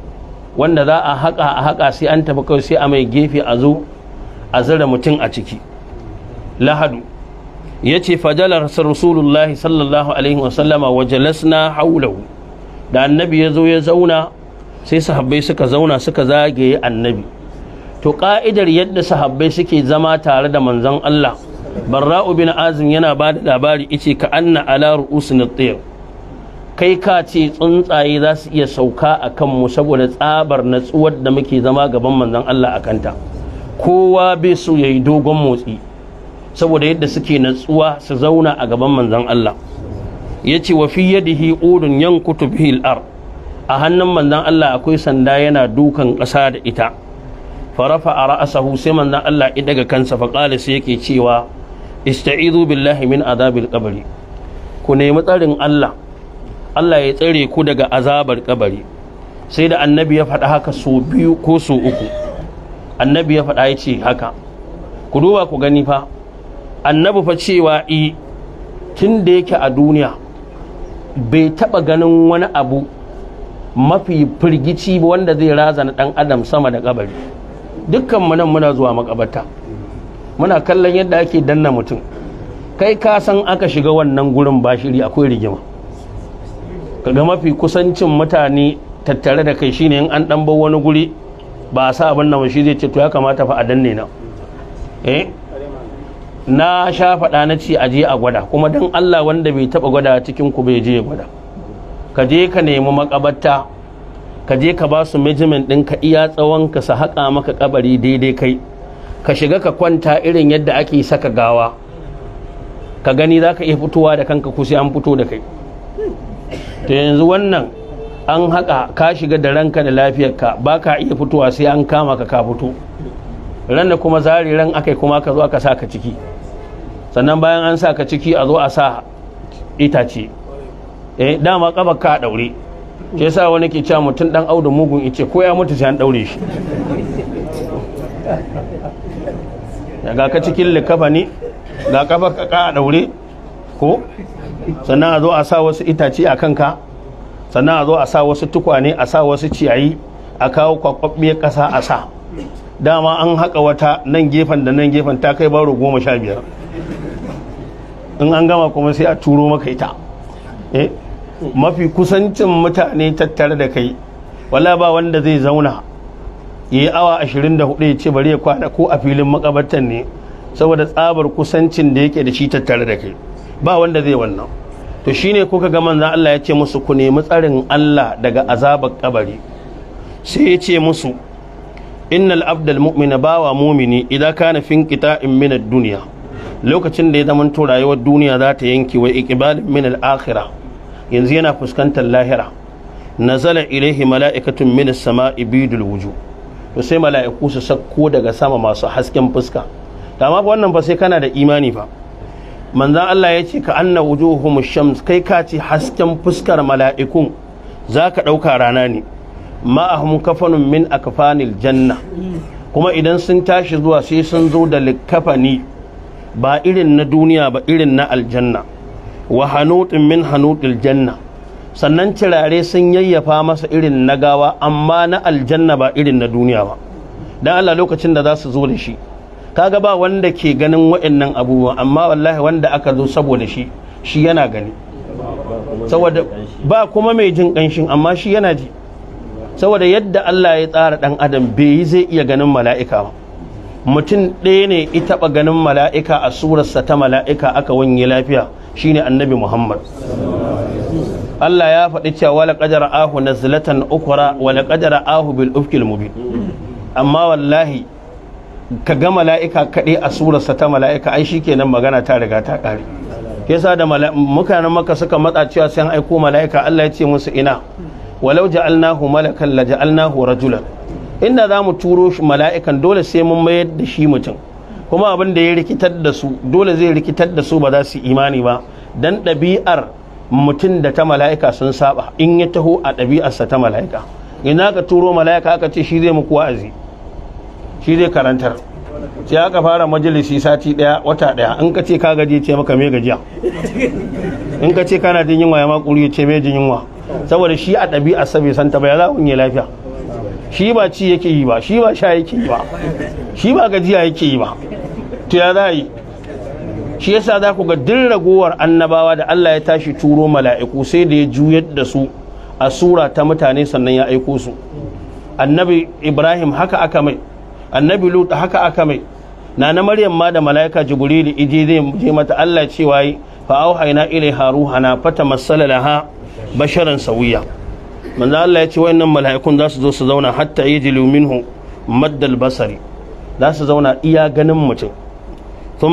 wanda za a haƙa a haƙa sai an tafi kawai sai a mai gefe a zo a zira mutum a ciki lahadu ya yace sa rasulullahi sallallahu alaihi wasallama wa jalasna haulau da annabi ya zo ya zauna sai sahabbai suka zauna suka zagaye annabi to ka'idar yadda sahabbai suke zama tare da manzon Allah barra'u bin azim yana ba da labari ice ka anna ala ru'usin tsayar kai ka ce tsuntsaye za su iya sauka a kanmu saboda tsabar natsuwar da muke zama gaban manzon Allah a kanta kowa bai so ya yi dogon motsi saboda yadda suke natsuwa su zauna a gaban manzon Allah yace wa da yadihi udun yankutu kutub hil'ar. a hannun manzon Allah akwai sanda yana dukan ƙasa da ita farafa a ra'asahu sai Manzan Allah ita daga kansa fa qala sai yake cewa ista'izu billahi min azabil qabri ku nemi tsarin Allah Allah ya tsare ku daga azabar kabari sai da annabi ya faɗa haka so biyu ko so uku annabi ya faɗa ya ce haka ku duba ku gani fa annabi fa cewa i tun da yake a duniya bai taɓa ganin wani abu mafi firgici wanda zai razana ɗan adam sama da kabari dukkan mu nan muna zuwa makabarta muna kallon yadda ake danna mutum kai ka san aka shiga wannan gurin ba shiri akwai rigima kaga mafi kusancin mutane tattare da kai shine in an dan bar wani guri ba a sa abin nan shi zai ce to ya kamata fa a danne na eh na sha faɗa na ce a je a gwada kuma don Allah wanda bai taɓa gwada cikin ku bai je gwada ka je ka nemi makabarta ka je ka ba su measurement ɗin ka iya tsawon ka su haƙa maka kabari daidai kai ka shiga ka kwanta irin yadda ake saka gawa ka gani za ka iya fitowa da kanka kusa an fito da kai to yanzu wannan an haƙa ka shiga da ranka da lafiyarka ba ka iya fitowa sai an kama ka ka fito ran kuma zari ran aka kuma ka zo aka saka ciki sannan bayan an sa ka ciki a zo a sa itace eh dama kabar ka daure ke sa wani ke cewa mutum dan auda mugun ice ko ya mutu sai an daure shi daga ka cikin likafa ne ga kafa ka a daure ko sannan a zo a sa wasu itace a kanka sannan a zo a sa wasu tukwane a sa wasu ciyayi a kawo kwakwabbiyar kasa a sa dama an haka wata nan gefen da nan gefen ta kai baro goma sha biyar in an gama kuma sai a turo maka ita eh, mafi kusancin mutane tattare da kai wala ba wanda zai zauna yi awa 24 ya ce bari ya kwana ko a filin makabartan ne saboda tsabar kusancin da yake da shi tattare da kai ba wanda zai wannan to shine kuka ga manzon Allah ya ce musu ku nemi tsarin Allah daga azabar kabari sai ya ce musu innal abdal mu'mina bawa mumini idan kana fin qita'in min ad-dunya lokacin da ya zama to rayuwar duniya za ta yanke wa ikibalin min al-akhirah yanzu yana fuskantar lahira nazala ilaihi mala'ikatun min as-sama'i bidul wujuh to sai mala'iku su sakko daga sama masu hasken fuska amma wannan ba sai kana da imani ba manzon Allah ya ce ka anna wujuhum shams kai ka ce hasken fuskar mala'ikun za ka ɗauka rana ne ma'ahum kafanun min akfanil janna kuma idan sun tashi zuwa sai sun zo da likafani. ba irin na duniya ba irin na aljanna wa hanutin min hanutil janna sannan cirare sun yayyafa masa irin na gawa amma na aljanna ba irin na duniya ba dan Allah lokacin da za su zo da shi kaga ba wanda ke ganin nan abubuwa amma wallahi wanda aka zo saboda shi shi yana gani ba kuma mai jin ƙanshin amma shi yana ji saboda yadda Allah ya tsara ɗan adam bai zai iya ganin mala'ika ba mutum ɗaya ne ya taɓa ganin mala'ika a surarsa ta mala'ika aka wanye lafiya shine annabi Muhammad. Allah ya faɗi cewa wala ƙadar ahu na zilatan ukura wala ƙadar ahu bil ufkil mubi amma wallahi ka ga mala'ika kaɗai a surarsa ta mala'ika ai shi kenan magana ta riga ta ƙare Kesa da mutanen maka suka matsa cewa sai an aiko mala'ika Allah ya ce musu ina walau ja'alnahu malakan la ja'alnahu rajulan inda za mu turo shi mala'ikan dole sai mun mayar da shi mutum kuma abin da ya rikitar da su dole zai rikitar da su ba za su imani ba dan ɗabi'ar mutum da ta mala'ika sun saba in ya taho a ɗabi'arsa ta mala'ika ina ka turo mala'ika aka ce shi zai muku wa'azi shi zai karantar sai aka fara majalisi sati daya wata daya in ka ce ka gaji ce maka me gajiya in ka ce kana jin yunwa ya ma kuri ce me jin yunwa saboda shi a ɗabi'arsa bai santa ba ya za yi lafiya shi ba ci yake yi ba shi ba sha yake yi ba shi ba gajiya yake yi ba to ya za yi shi yasa za ku ga duk ragowar annabawa da Allah ya tashi turo mala'iku sai da ya juyar da su a sura ta mutane sannan ya aiko su annabi ibrahim haka aka mai annabi lut haka aka mai na na maryam ma da mala'ika jibrilu ije zai je mata Allah cewa fa auhayna ilaiha ruhana fatamassala laha basharan sawiya manzo Allah ya ce wayannan mala'ikun za su zo su zauna hatta a minhu maddal basari za su zauna iya ganin mutum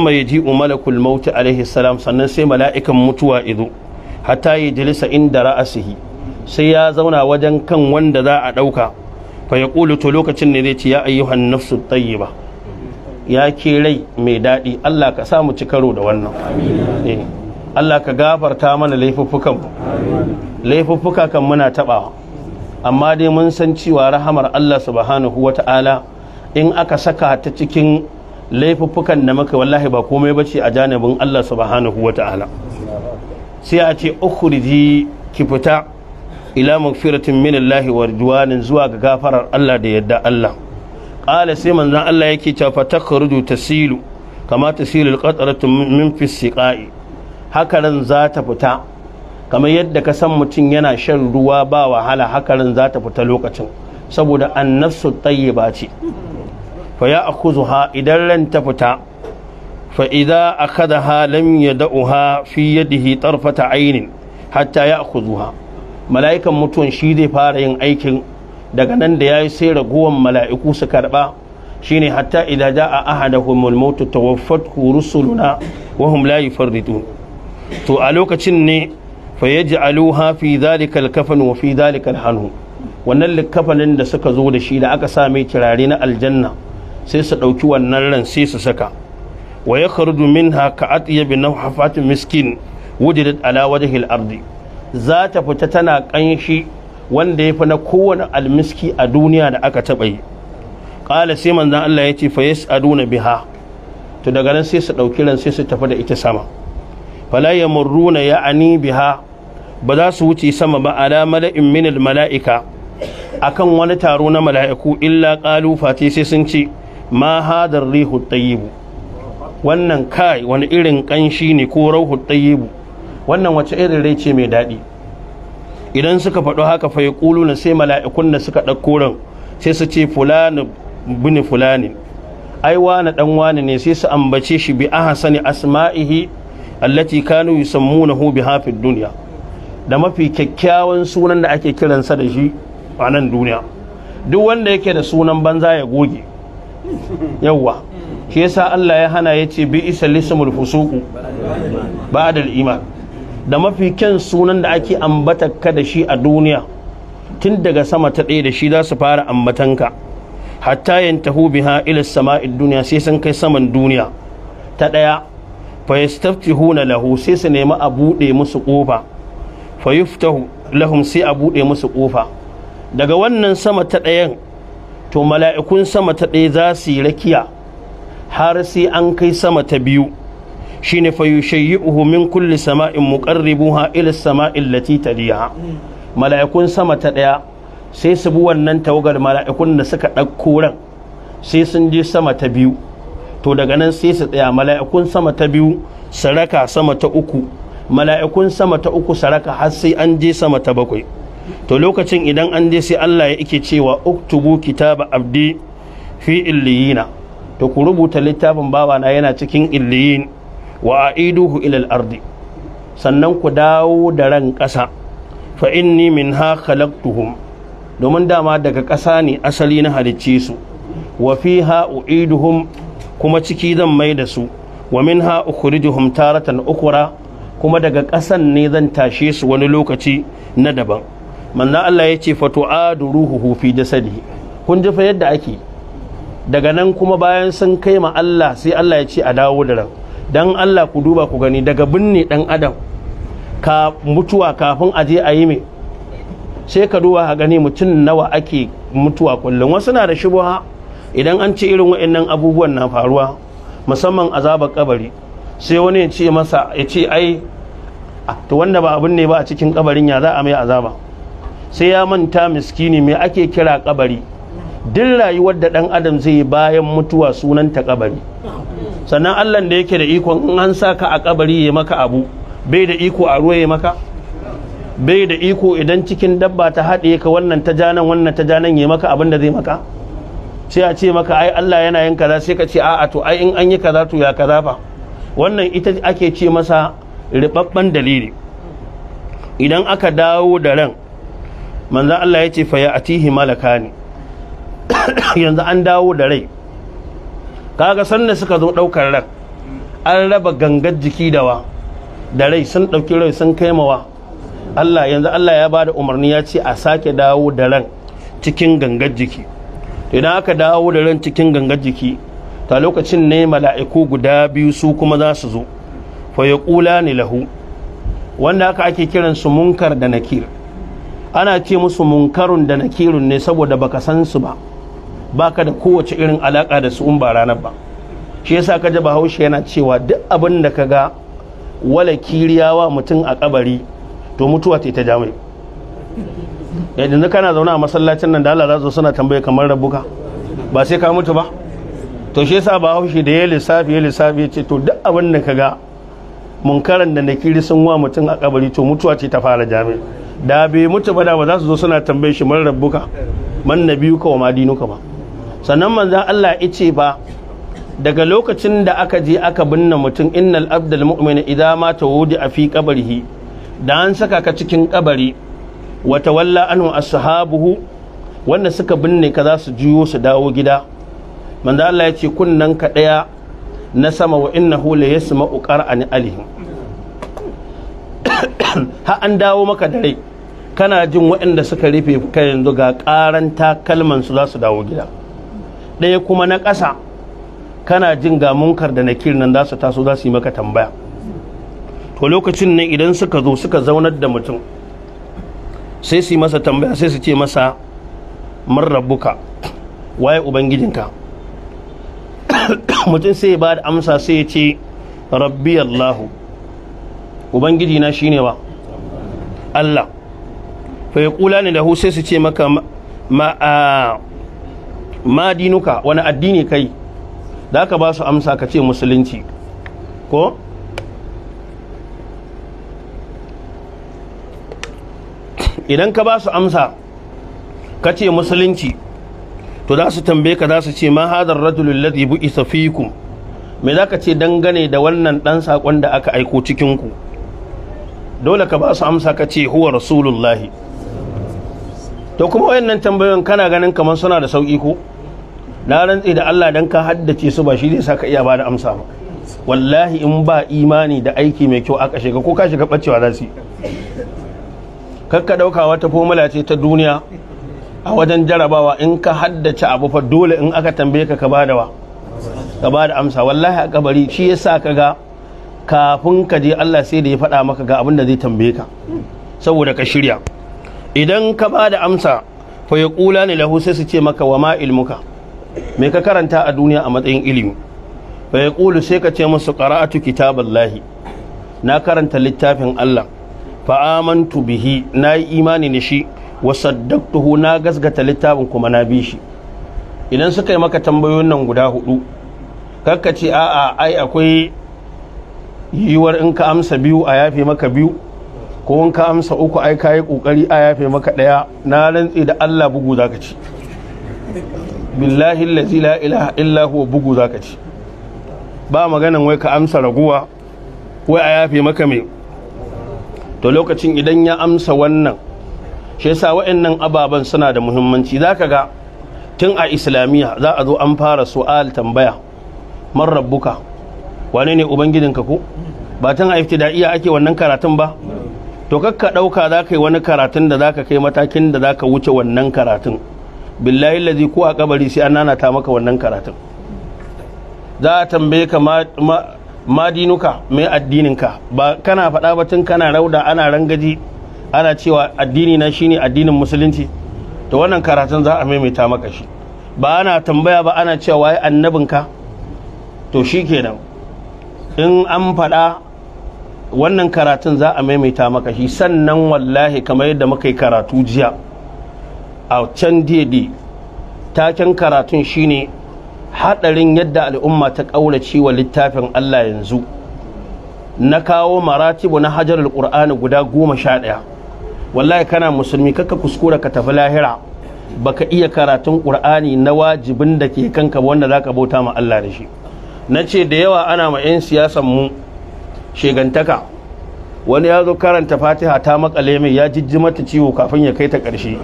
mai ji malakul maut alaihi salam sannan sai mala'ikan mutuwa izo hatta yajlisa inda ra'asihi sai ya zauna wajen kan wanda za a ɗauka fa ya to lokacin ne zai ce ya ayyuhan nafsu tayyiba ya ke rai mai daɗi Allah ka samu ci karo da wannan amin eh. Allah ka gafarta mana laifuffukan laifuffuka kan muna taɓawa amma dai mun san cewa rahamar Allah subhanahu wata'ala in aka saka ta cikin laifuffukan da muka wallahi ba komai bace a janibin Allah subhanahu wata'ala sai a ce ukhriji ki fita ila magfiratin min Allah wa ridwanin zuwa ga gafarar Allah da yadda Allah qala sai manzon Allah yake cewa fa takhruju tasilu kama tasilul qatratu min fi siqai hakaran za ta fita kamar yadda ka san mutum yana shan ruwa ba wahala hakaran za ta fita lokacin saboda tsaye bace ce fa ya akhuzuha idan ran ta fita fa idza akhadha lam yad'uha fi yadihi tarfata aynin hatta ya akhuzuha mala'ikan mutuwan shi zai fara yin aikin daga nan da yayi sai ragowan mala'iku su karba shine hatta idza jaa ahadahumul maut tawaffat rusuluna wa hum la yufarridun to a lokacin ne fa yaj'aluha fi dhalika kafan wa fi dhalika hannu wannan likafanin da suka zo da shi da aka sa mai kirare na aljanna sai su ɗauki wannan ran sai su saka wa ya kharuju minha ka atyabi nawhafatin miskin wujidat ala wajhil ardi za ta fita tana kanshi wanda ya fi na kowane almiski a duniya da aka taɓa yi ƙala sai manzan Allah ya ce fa na biha to daga nan sai su ɗauki ran sai su tafi da ita sama fala ya ani biha ba za su wuce sama ba ala mala'in min mala'ika akan wani taro na mala'iku illa qalu fati sai sun ce ma hadar rihu tayyibu wannan kai wani irin kanshi ne ko rauhu tayyibu wannan wace irin rai ce mai daɗi idan suka faɗo haka fa na sai mala'ikun da suka ɗauko ran sai su ce fulani bin fulani ai wani dan wani ne sai su ambace shi bi ahsani asma'ihi allati kanu yusammunahu biha fi dunya da mafi kyakkyawan sunan da ake kiransa da shi a nan duniya duk wanda yake da sunan banza ya goge yawwa shi yasa Allah ya hana ya ce bi isa lismul fusuku ba'da iman da mafi kyan sunan da ake ambata ka da shi a duniya tun daga sama ta ɗaya da shi za su fara ambatanka hatta yantahu biha ila sama'id duniya sai sun kai saman duniya ta ɗaya fa yastaftihuna lahu sai su nemi a buɗe musu ƙofa fa yuftahu lahum sai a buɗe musu ƙofa daga wannan sama ta ɗayan to mala'ikun sama ta ɗaya za su yi rakiya har sai an kai sama ta biyu shine fa yushayyi'uhu min kulli sama'in muqarribuha ila sama'in lati taliha mala'ikun sama ta ɗaya sai su bi wannan tawagar mala'ikun da suka ɗauko ran sai sun je sama ta biyu to daga nan sai su tsaya mala'ikun sama ta biyu saraka sama ta uku mala'ikun sama ta uku saraka har sai an je sama ta bakwai to lokacin idan an je sai Allah ya ike cewa uktubu kitaba abdi fi illiyina to ku rubuta littafin babana yana cikin illiyin wa aiduhu ilal ardi sannan ku dawo da ran ƙasa fa inni ha khalaqtuhum domin dama daga ƙasa ne asali na halicce su wa fiha uiduhum kuma ciki zan mai da su wa min ha ukhrijuhum taratan ukura kuma daga kasan ne zan tashe su wani lokaci na daban manna Allah ya ce adu ruhuhu fi jasadi kun ji fa yadda ake daga nan kuma bayan sun kai ma Allah sai Allah ya ce a dawo da ran dan Allah ku duba ku gani daga binne dan adam ka mutuwa kafin aje a yi me. sai ka duba a gani mutum nawa ake mutuwa kullum wasu na da shubuha idan an ce irin waɗannan abubuwan na faruwa musamman azabar kabari sai wani ya ce masa ya ce ai to wanda ba abin ne ba a cikin kabarin ya za a mai azaba sai ya manta miskini me ake kira kabari duk rayuwar da dan adam zai yi bayan mutuwa sunanta kabari sannan Allah da yake da iko in an sa ka a kabari ya maka abu bai da iko a ruwa ya maka bai da iko idan cikin dabba ta haɗe ka wannan ta janan wannan ta janan ya maka abin da zai maka sai a ce maka ai Allah yana yin kaza sai ka ce a'a to ai in an yi kaza to ya kaza fa wannan ita ake ce masa ribabban dalili idan aka dawo da ran manzo Allah ya ce fa ya atihi malakani [coughs] yanzu an dawo da rai kaga sanda suka zo daukar ran an raba gangar jiki da wa da rai sun dauki rai sun kaimawa Allah yanzu Allah ya bada umarni ya ce a sake dawo da ran cikin gangar jiki idan aka dawo da ran cikin ganga jiki ta lokacin ne mala'iku guda biyu su kuma za su zo fa ya ƙula ni lahu wanda aka ake kiran su munkar da nakir ana ce musu munkarun da nakirun ne saboda baka san su ba baka da kowace irin alaka da su in ba ranar ba shi yasa ka ji bahaushe yana cewa duk abin da ka ga wala kiriyawa mutum a kabari to mutuwa ta ta jami'a yanzu kana zaune a masallacin nan da Allah za su suna tambaye kamar rabuka ba sai ka mutu ba to shi yasa ba haushi da ya lissafi ya lissafi ya ce to duk abin da ka ga munkaran da nakiri sun wa mutum a kabari to mutuwa ce ta fara jami da bai mutu ba da ba za su zo suna tambaye shi man na biyu ka wa madinuka ba sannan manzan Allah ya ce ba daga lokacin da aka je aka binne mutum innal abdal mu'mina idza mata wudi a fi qabrihi da an saka ka cikin kabari wa tawalla anhu ashabuhu wanda suka binne ka za su juyo su dawo gida manzo Allah ya ce kunnan ka daya na sama wa innahu la yasma'u qara'an alihim ha an dawo maka dare kana jin waɗanda suka rufe ka yanzu ga karanta takalman su za su dawo gida ɗaya kuma na ƙasa kana jin ga munkar da nakir nan za su taso za su yi maka tambaya to lokacin nan idan suka zo suka zaunar da mutum sai su yi masa tambaya sai su ce masa man waye ubangijinka [coughs] mutum sai ba da amsa sai ya ce rabbi allahu ubangijina ne ba allah fa ya kula ne da hu sai su ce maka ma dinuka wani addini kai da aka ba su amsa ka ce musulunci ko idan ka ba su amsa ka ce musulunci to za su tambaye ka za su ce ma hadar rajulul ladhi bu'isa ku me za ka ce dangane da wannan dan sakon da aka aiko cikin ku dole ka ba su amsa ka ce huwa rasulullahi to kuma wayannan tambayoyin kana ganin kamar suna da sauki ko na rantse da Allah dan ka haddace su ba shi zai saka iya ba da amsa ba wallahi in ba imani da aiki mai kyau aka shiga ko ka shiga bacewa za kakka ɗauka wata fomula ce ta duniya a wajen jarabawa in ka haddace abu fa dole in aka tambaye ka ka ba da wa ka ba da amsa wallahi akabari kabari shi yasa ka ga kafin ka je Allah sai da ya faɗa maka ga abin da zai tambaye ka saboda ka shirya idan ka ba da amsa fa ya ne lahu sai su ce maka wa ma ilmuka me ka karanta a duniya a matsayin ilimi fa ya sai ka ce musu ƙara'atu kitaballahi na karanta littafin Allah fa amantu bihi na yi imani ne shi wa saddaqtuhu na gasgata littafin kuma na bi shi idan suka yi maka tambayoyin nan guda hudu kakka ce a'a ai akwai yiwuwar in ka amsa biyu a yafe maka biyu ko in ka amsa uku ai ka yi kokari a yafe maka daya na rantsi da Allah bugu zaka ci billahi la ilaha illa huwa bugu zaka ci ba maganan wai ka amsa raguwa wai a yafe maka mai to lokacin idan ya amsa wannan shi yasa waɗannan ababen suna da muhimmanci za ka ga tun a islamiyya za a zo an fara su'al tambaya man rabbuka wane ne ubangijinka ko ba tun a iya ake wannan karatun ba to kakka ɗauka za ka yi wani karatun da za ka kai matakin da za ka wuce wannan karatun billahi lazi ko a kabari sai an nanata maka wannan karatun za a tambaye ka madinuka mai addininka ba kana faɗa ba tun kana rauda ana rangaji ana cewa addini na shine addinin musulunci to wannan karatun za a maimaita maka shi ba ana tambaya ba ana cewa wai annabinka to shikenan in an faɗa wannan karatun za a maimaita maka shi sannan wallahi kamar yadda muka yi karatu jiya a can daidai taken karatun shine haɗarin yadda al'umma ta ƙaurace wa littafin Allah yanzu na kawo maratibu na hajar al'ur'ani guda goma sha ɗaya wallahi kana musulmi kakka kuskura ka tafi lahira baka iya karatun ƙur'ani na wajibin da ke kanka wanda za ka bauta ma Allah da shi na ce da yawa ana ma 'yan siyasan mu shegantaka wani ya zo karanta fatiha ta makale mai ya jijji mata ciwo kafin ya kai ta ƙarshe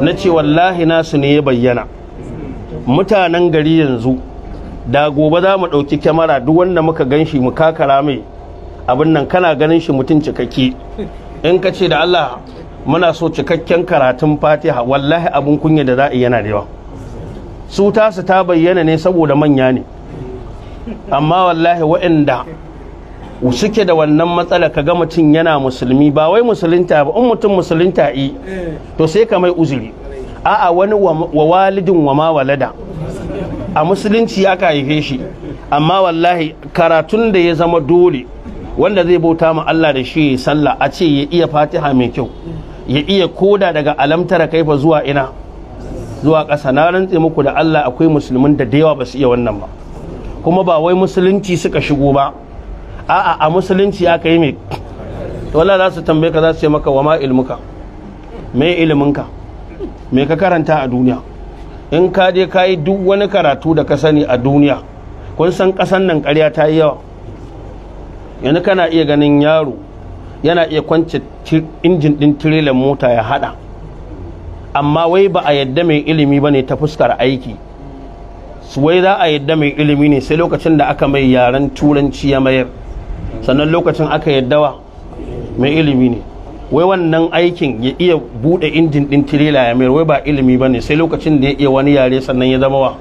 na ce wallahi nasu ne ya bayyana mutanen gari yanzu da gobe za mu ɗauki kyamara duk wanda muka gan shi mu kakara mai abin nan kana ganin shi mutum cikakke in ka ce da Allah muna so cikakken karatun fatiha wallahi abin kunya da za a yana da yawa su tasu ta bayyana ne saboda manya ne amma wallahi waɗanda suke da wannan matsala ka ga mutum yana musulmi ba wai musulunta ba in mutum musulunta yi to sai ka mai uzuri a'a wani wa walidin wa ma walada a musulunci aka haife shi amma wallahi karatun da ya zama dole wanda zai bauta ma Allah da shi sallah a ce ya iya fatiha mai kyau ya iya koda daga alamtara kaifa zuwa ina zuwa ƙasa na rantse muku da Allah akwai musulmin da da yawa ba su iya wannan ba kuma ba wai musulunci suka shigo ba a'a a musulunci aka yi mai wala za su tambaye ka za su ce maka wa ma ilmuka me iliminka me ka karanta a duniya in ka je ka yi duk wani karatu da ka sani a duniya kun san ƙasan nan ƙarya ta yi yawa yanzu kana iya ganin yaro yana iya kwance injin ɗin tirelan mota ya haɗa amma wai ba a yadda mai ilimi ba ne ta fuskar aiki wai za a yadda mai ilimi ne sai lokacin da aka mai yaren turanci ya mayar sannan lokacin aka yaddawa mai ilimi ne wai wannan aikin ya iya bude injin din tirela ya mayar wai ba ilimi ba ne sai lokacin da ya iya wani yare sannan ya zama wa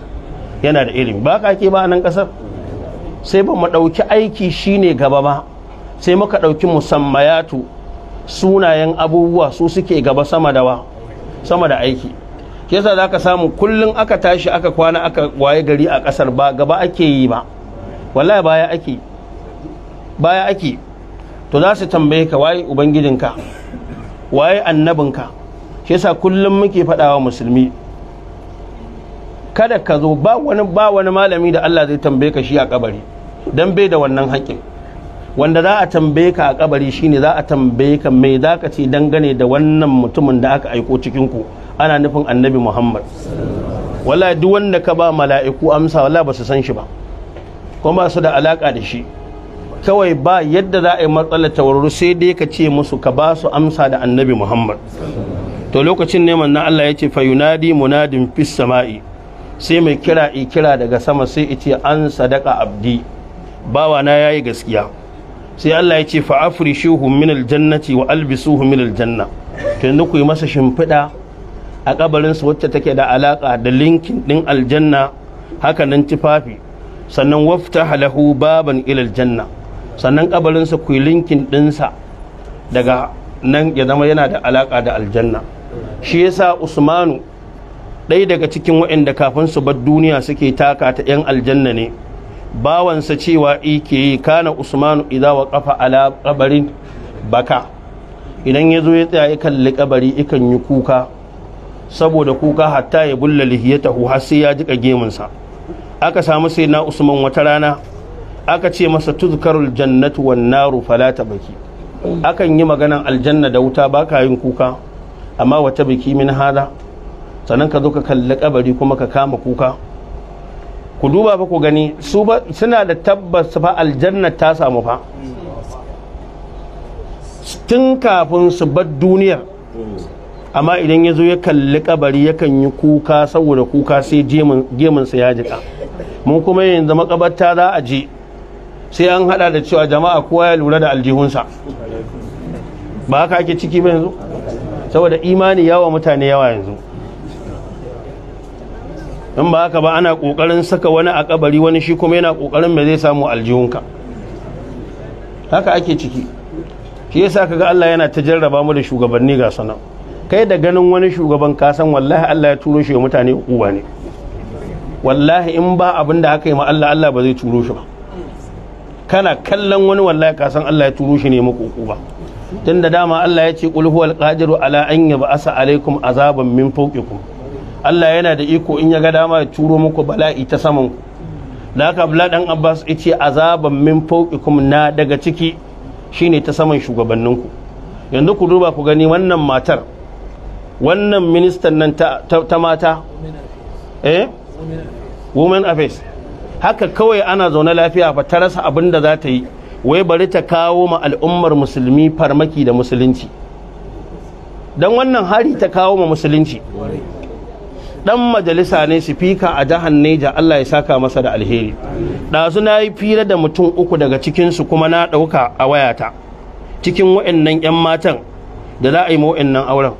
yana da ilimi ba ka ke ba a nan kasar sai ba mu ɗauki aiki shine gaba ba sai muka ɗauki musammayatu sunayen abubuwa su suke gaba sama da wa sama da aiki yasa za ka samu kullum aka tashi aka kwana aka waye gari a kasar ba gaba ake yi ba wallahi baya ake baya ake to za su tambaye ka waye ubangijinka waye annabinka shi yasa kullum muke faɗawa musulmi kada ka zo ba wani ba wani malami da Allah zai tambaye ka shi a kabari dan bai da wannan haƙƙin wanda za a tambaye ka a kabari shine za a tambaye ka me za ka ce dangane da wannan mutumin da aka aiko cikin ku ana nufin annabi Muhammad wala duk wanda ka ba mala'iku amsa wala ba su san shi ba kuma ba su da alaka da shi kawai ba yadda za a yi matsalar tawarru sai dai ka ce musu ka ba su amsa da annabi muhammad to lokacin neman na allah ya ce fayunadi munadin fis sama'i sai mai kira Ikira daga sama sai ice an sadaka abdi bawa na yayi gaskiya sai allah ya ce fa afrishuhu min aljannati wa albisuhu min aljanna to yanzu ku yi masa shimfiɗa a kabarinsa wacce take da alaƙa da linkin ɗin aljanna haka nan tufafi sannan wafta halahu baban ilal janna sannan kabarinsa kwilinkin ɗinsa daga nan ya zama yana da alaƙa da aljanna shi yasa usmanu ɗaya daga cikin waɗanda kafin su bar duniya suke taka ta 'yan aljanna ne bawansa cewa ike yi kana usmanu izawa wa kafa ala baka idan ya zo ya tsaya ya kalli kabari ikan yi kuka saboda kuka hatta ya bulla lihiyata har sai ya jika gemunsa aka samu sai na usman wata rana aka ce masa tuzkarul jannatu wan naru fala baki akan yi maganan aljanna da wuta ba ka yin kuka amma wata biki min hada sannan ka zo ka kalli kabari kuma ka kama kuka ku duba ba ku gani su ba suna da tabbas fa aljanna ta samu fa tun kafin su bar duniya amma idan ya zo ya kalli kabari yakan yi kuka saboda kuka sai gemunsa ya jika mun kuma yanzu makabarta za a je sai an hada da cewa jama'a kowa ya lura da aljihunsa ba haka ake ciki ba yanzu saboda imani yawa mutane yawa yanzu in ba haka ba ana kokarin saka wani a kabari wani shi kuma yana kokarin me zai samu aljihunka haka ake ciki shi yasa kaga Allah yana ta jarraba mu da shugabanni ga sanan kai da ganin wani shugaban kasan wallahi Allah ya turo shi wa mutane uba ne wallahi in ba abin da aka yi ma Allah Allah ba zai turo shi ba kana kallon wani wallahi ka san Allah ya turo shi ne muku ba tun da dama Allah ya ce qul huwal ala an yab'asa alaikum azaban min fawqikum Allah yana da iko in ya ga dama ya turo muku bala'i ta saman ku da haka Abdullah dan Abbas yace azaban min fawqikum na daga ciki shine ta saman shugabanninku yanzu ku duba ku gani wannan matar wannan ministan nan ta, mata eh women affairs haka kawai ana zaune lafiya ba ta rasa abin da za ta yi wai bari ta kawo ma al'ummar musulmi farmaki da musulunci don wannan hari ta kawo ma musulunci dan majalisa ne sifika a jahan Neja Allah ya saka masa da alheri ɗazu na yi fira da mutum uku daga cikinsu kuma na ɗauka a wayata cikin wa'annan 'yan matan da za a yi ma wa'annan auren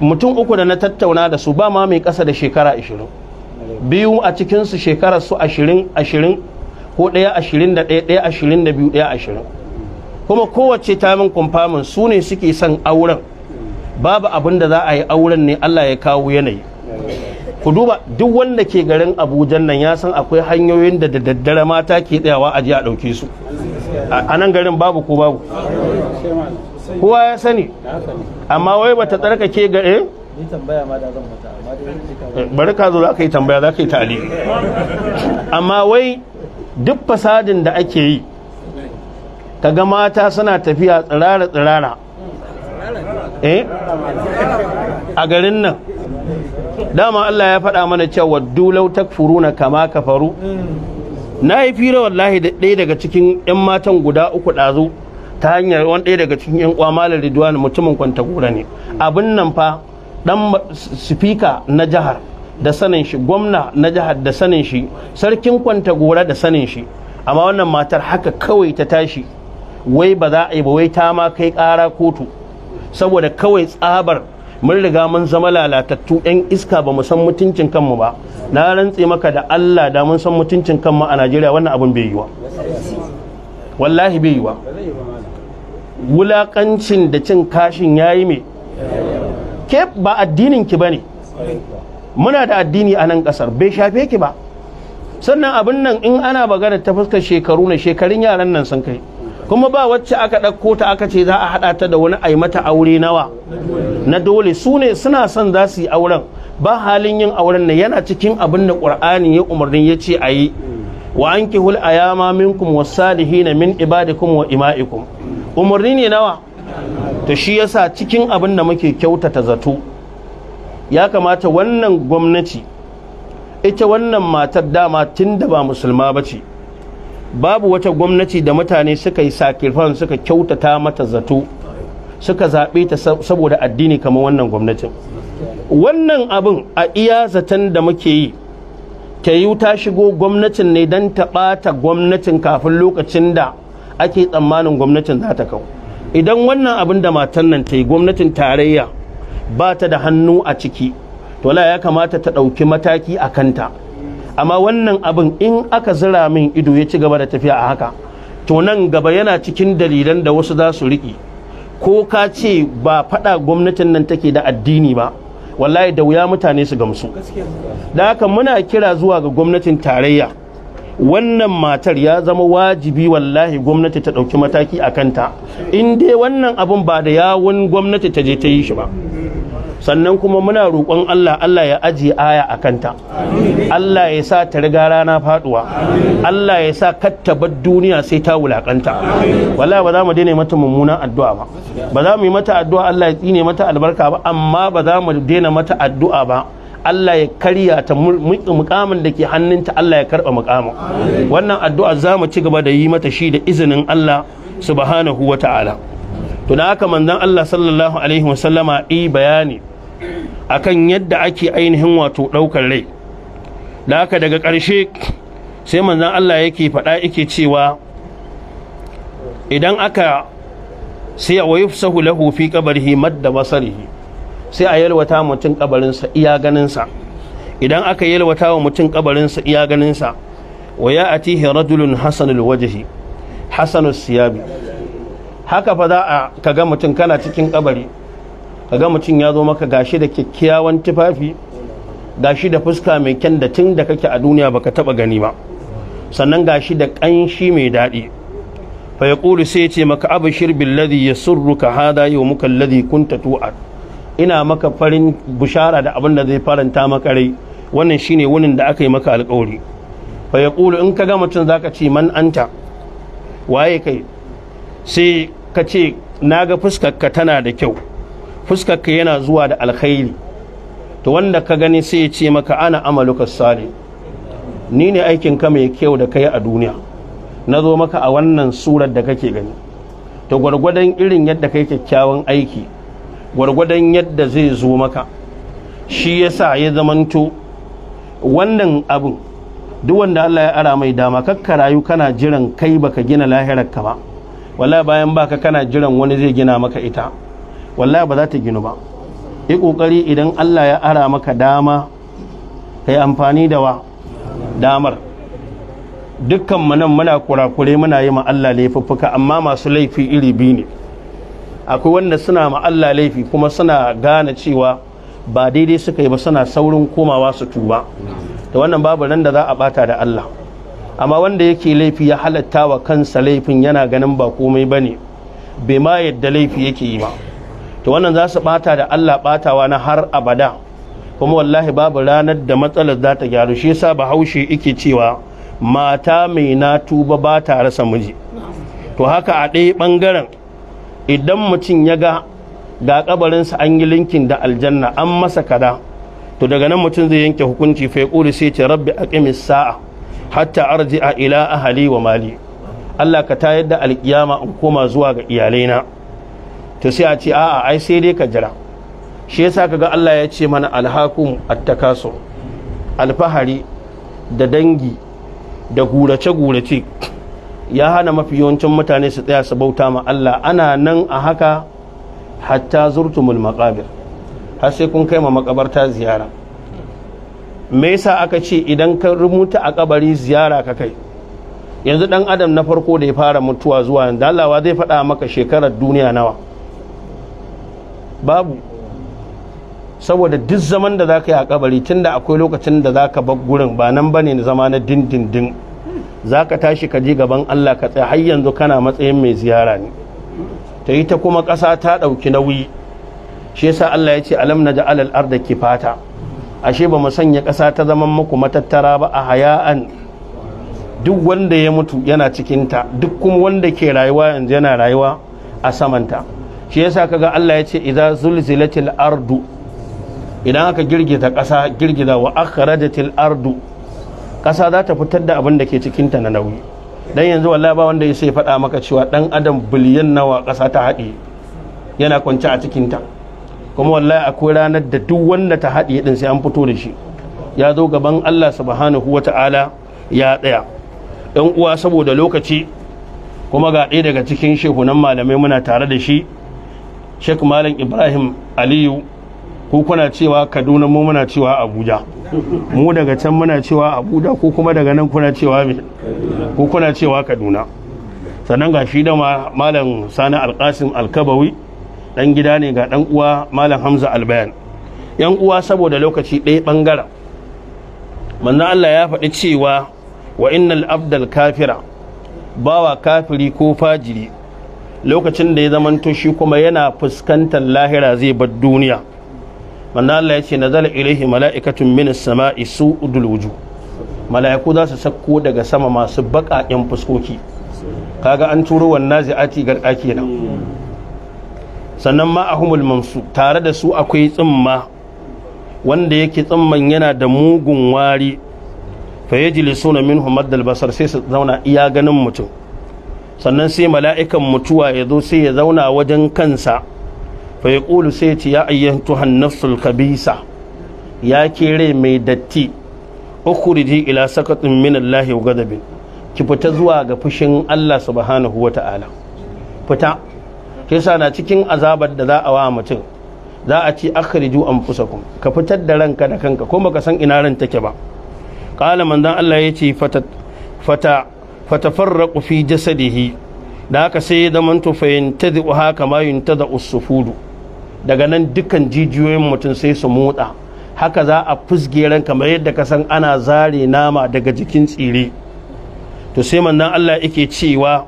mutum uku da na tattauna da su ba ma mai ƙasa da shekara ashirin biyu a cikinsu shekarar su ashirin ashirin ko ɗaya ashirin da ɗaya ɗaya ashirin da biyu ɗaya kuma kowace tamin kumfamin su ne suke son auren babu abin da za a yi auren ne Allah ya kawo yanayi ku duba duk wanda ke garin abuja nan ya san akwai hanyoyin da da daddare mata ke tsayawa a a ɗauke su a nan garin babu ko babu kowa ya sani amma wai bata tsarkake ga eh bari ka zo za ka yi tambaya za ka yi tali amma wai duk fasadin da ake yi ka ga mata suna tafiya tsirara-tsirara eh? a garin nan dama Allah ya faɗa mana cewa furu na kama ka faru. na yi fira wallahi da ɗaya daga cikin 'yan matan guda uku ɗazu ta hanyar wani ɗaya daga cikin 'yan kwamalar ridwan mutumin kwanta gora ne abin nan fa dan sifika na jihar da sanin shi gwamna na jihar da sanin shi sarkin kwanta gora da sanin shi amma wannan matar haka kawai ta tashi wai ba za a yi ba wai ta ma kai ƙara kotu saboda kawai tsabar mun riga mun zama lalatattu yan iska ba mu san mutuncin kanmu ba na rantse maka da Allah da mun san mutuncin kanmu a Najeriya wannan abin bai yiwa wallahi bai yiwa wulakancin da cin kashin yayi me ke ba addinin ki bane muna da addini a nan kasar bai shafe ki ba sannan abin nan in ana magana ta fuskar shekaru na. shekarun yaran nan sun kai kuma ba wacce aka ɗauko ta aka ce za a haɗa ta da wani ai mata aure nawa na dole su ne suna son za su yi auren ba halin yin auren ne yana cikin abin da ƙur'ani ya umarni ya ce a yi wa an kihul ayama minkum wasalihina min ibadikum wa ima'ikum umarni ne nawa ta shi yasa cikin abin da muke kyautata zato ya kamata wannan gwamnati ita wannan matar dama tun da ba musulma ba ce babu wata gwamnati da mutane suka yi sakirfan suka kyautata mata zato suka zaɓe ta saboda addini kamar wannan gwamnatin wannan abin a iya zaton da muke yi ta yi ta shigo gwamnatin ne don ta ɓata gwamnatin kafin lokacin da ake tsammanin gwamnatin za ta kawo idan wannan abin da matan nan ta yi gwamnatin tarayya ba ta da hannu a ciki to la ya kamata ta ɗauki mataki a kanta amma wannan abin in aka zira min ido ya ci gaba da tafiya a haka to nan gaba yana cikin dalilan da wasu za su riƙi ko ka ce ba faɗa gwamnatin nan take da addini ba wallahi da wuya mutane su gamsu da haka muna kira zuwa ga gwamnatin tarayya wannan matar ya zama wajibi wallahi gwamnati ta ɗauki mataki a kanta in dai wannan abin ba da yawun gwamnati ta je ta yi shi ba sannan kuma muna roƙon Allah Allah ya ajiye aya a kanta Allah ya sa ta riga rana faduwa Allah ya sa bar duniya sai ta wulakanta wallahi ba za mu daina mata mummunan addu'a ba ba za mu yi mata addu'a Allah ya tsine mata albarka ba amma ba za mu daina mata addu'a ba Allah ya karya ta mukamin da ke hannunta Allah ya karba mukamin wannan addu'a za mu ci gaba da yi mata shi da izinin Allah subhanahu wa ta'ala to da haka manzon Allah sallallahu alaihi wasallama yi bayani akan yadda ake ainihin wato ɗaukar rai da haka daga ƙarshe sai manzan Allah yake faɗa yake cewa idan aka sai wa yufsahu lahu fi qabrihi madda basarihi sai a yalwata mutum kabarinsa iya ganinsa idan aka yalwata wa mutum kabarinsa iya ganinsa wa ya atihi rajulun hasanul wajhi hasanus siyabi haka fa za a kaga mutum kana cikin kabari kaga mutum ya zo maka gashi da kyakkyawan tufafi gashi da fuska mai kyan da tun da kake a duniya baka taba gani ba sannan gashi da kanshi mai daɗi fa ya sai ce maka abu abshir billadhi yasurruka hada yawmuka alladhi kunta tu'ad ina maka farin bushara da abin da zai faranta maka rai wannan shine wunin da aka yi maka alƙawari fa in in ga mutum zaka ce man anta waye kai sai ka ce naga fuskarka tana da kyau fuskarka yana zuwa da alkhairi to wanda ka gani sai ya ce maka ana amaluka salih ni ne aikin ka mai kyau da kai a duniya na zo maka a wannan surar da kake gani to gwargwadon irin yadda kai kyakkyawan aiki gwargwadon yadda zai zo maka shi ya sa ya zamanto wannan abin duk wanda Allah ya ara mai dama kakka rayu kana jiran kai baka gina lahirar ka ba wallahi bayan baka kana jiran wani zai gina maka ita wallahi ba za ta ginu ba yi kokari idan Allah ya ara maka dama kai amfani da wa damar dukkan mu muna kurakure muna yi ma Allah laifuffuka amma masu laifi iri biyu ne akwai wanda suna ma Allah laifi kuma suna gane cewa ba daidai suka yi ba suna saurin komawa su tuba da wannan babu nan da za a bata da Allah amma wanda yake laifi ya halatta wa kansa laifin yana ganin ba komai ba ne bai ma yadda laifi yake yi ba to wannan za su bata da Allah batawa na har abada kuma wallahi babu ranar da matsalar za ta gyaru shi yasa bahaushe yake cewa mata mai na tuba ba ta rasa miji to haka a ɗaya bangaren idan mutum ya ga ga kabarinsa an yi linkin da aljanna an masa kada to daga nan mutum zai yanke hukunci fa yaqulu sai ce rabbi aqimis sa'a hatta a ila ahli wa mali Allah ka tayar da alkiyama in koma zuwa ga iyalaina to sai a ce a'a ai sai dai ka jira shi yasa ga Allah ya ce mana alhakum attakasu alfahari da dangi da gurace-gurace ya hana mafi yawancin mutane su tsaya su bauta ma Allah ana nan a haka hatta zurtumul maqabir har sai kun kai ma makabarta ziyara me yasa aka ce idan ka rubuta a kabari ziyara ka kai yanzu dan adam na farko da ya fara mutuwa zuwa yanzu Allah zai faɗa maka shekarar duniya nawa babu saboda duk zaman da zaka yi a kabari tunda akwai lokacin da zaka bar gurin ba nan bane zama na dindindin za ka tashi ka ji gaban Allah ka tsaye har yanzu kana matsayin mai ziyara ne ta yi ta kuma ƙasa ta ɗauki nauyi shi yasa Allah ya ce alam na ja'al al arda kifata ashe ba mu sanya ƙasa ta zaman muku matattara ba a haya'an duk wanda ya mutu yana cikin ta duk kuma wanda ke rayuwa yanzu yana rayuwa a samanta shi yasa kaga Allah ya ce idza zulzilatil ardu idan aka girgiza ƙasa girgiza wa akhrajatil ardu ƙasa za ta fitar da abin da ke cikinta na nauyi dan yanzu wallahi ba wanda ya sai faɗa maka cewa dan adam biliyan nawa kasa ta haɗe yana kwance a cikinta kuma wallahi akwai ranar da duk wanda ta haɗe din sai an fito da shi ya zo gaban Allah subhanahu wata'ala ya tsaya ɗan uwa saboda lokaci kuma ga ɗaya daga cikin shehunan malamai muna tare da shi Sheikh Malam Ibrahim Aliyu ko kuna cewa kaduna mu muna cewa abuja mu daga can muna cewa abuja ko kuma daga nan kuna cewa me ko kuna cewa kaduna sannan ga shi da malam sani alkasim alkabawi dan gida ne ga dan uwa malam hamza albayan yan uwa saboda lokaci ɗaya bangara manzo Allah ya faɗi cewa wa innal abdal kafira bawa kafiri ko fajiri lokacin da ya zamanto shi kuma yana fuskantar lahira zai bar duniya manzo Allah ya ce zala ilaihi mala'ikatun min as-sama'i udul wuju mala'iku za su sakko daga sama masu baƙaƙen fuskoki kaga an turo wannan zi'ati garka kenan sannan ma ma'ahumul mamsu tare da su akwai tsimma wanda yake tsimman yana da mugun wari fayyajilisu na minhu maddal basar sai su zauna iya ganin mutum sannan sai mala'ikan mutuwa ya zo sai ya zauna wajen kansa fa ya ƙulu sai ce ya ayyantu hannafsul kabisa ya kere mai datti ukuridi ila sakatin min Allah wa gadabin ki fita zuwa ga fushin Allah subhanahu wa ta'ala fita kisa na cikin azabar da za a wa mutum za a ci akhriju anfusakum ka fitar da ranka da kanka ko baka san ina ran take ba qala manzon Allah yace fata fata fatafarraqu fi jasadihi da haka sai ya zamanto fayantadi haka ma daga nan dukkan jijiyoyin mutum sai su motsa haka za a fusge ran kamar yadda ka san ana zare nama daga jikin tsire to sai mannan Allah yake cewa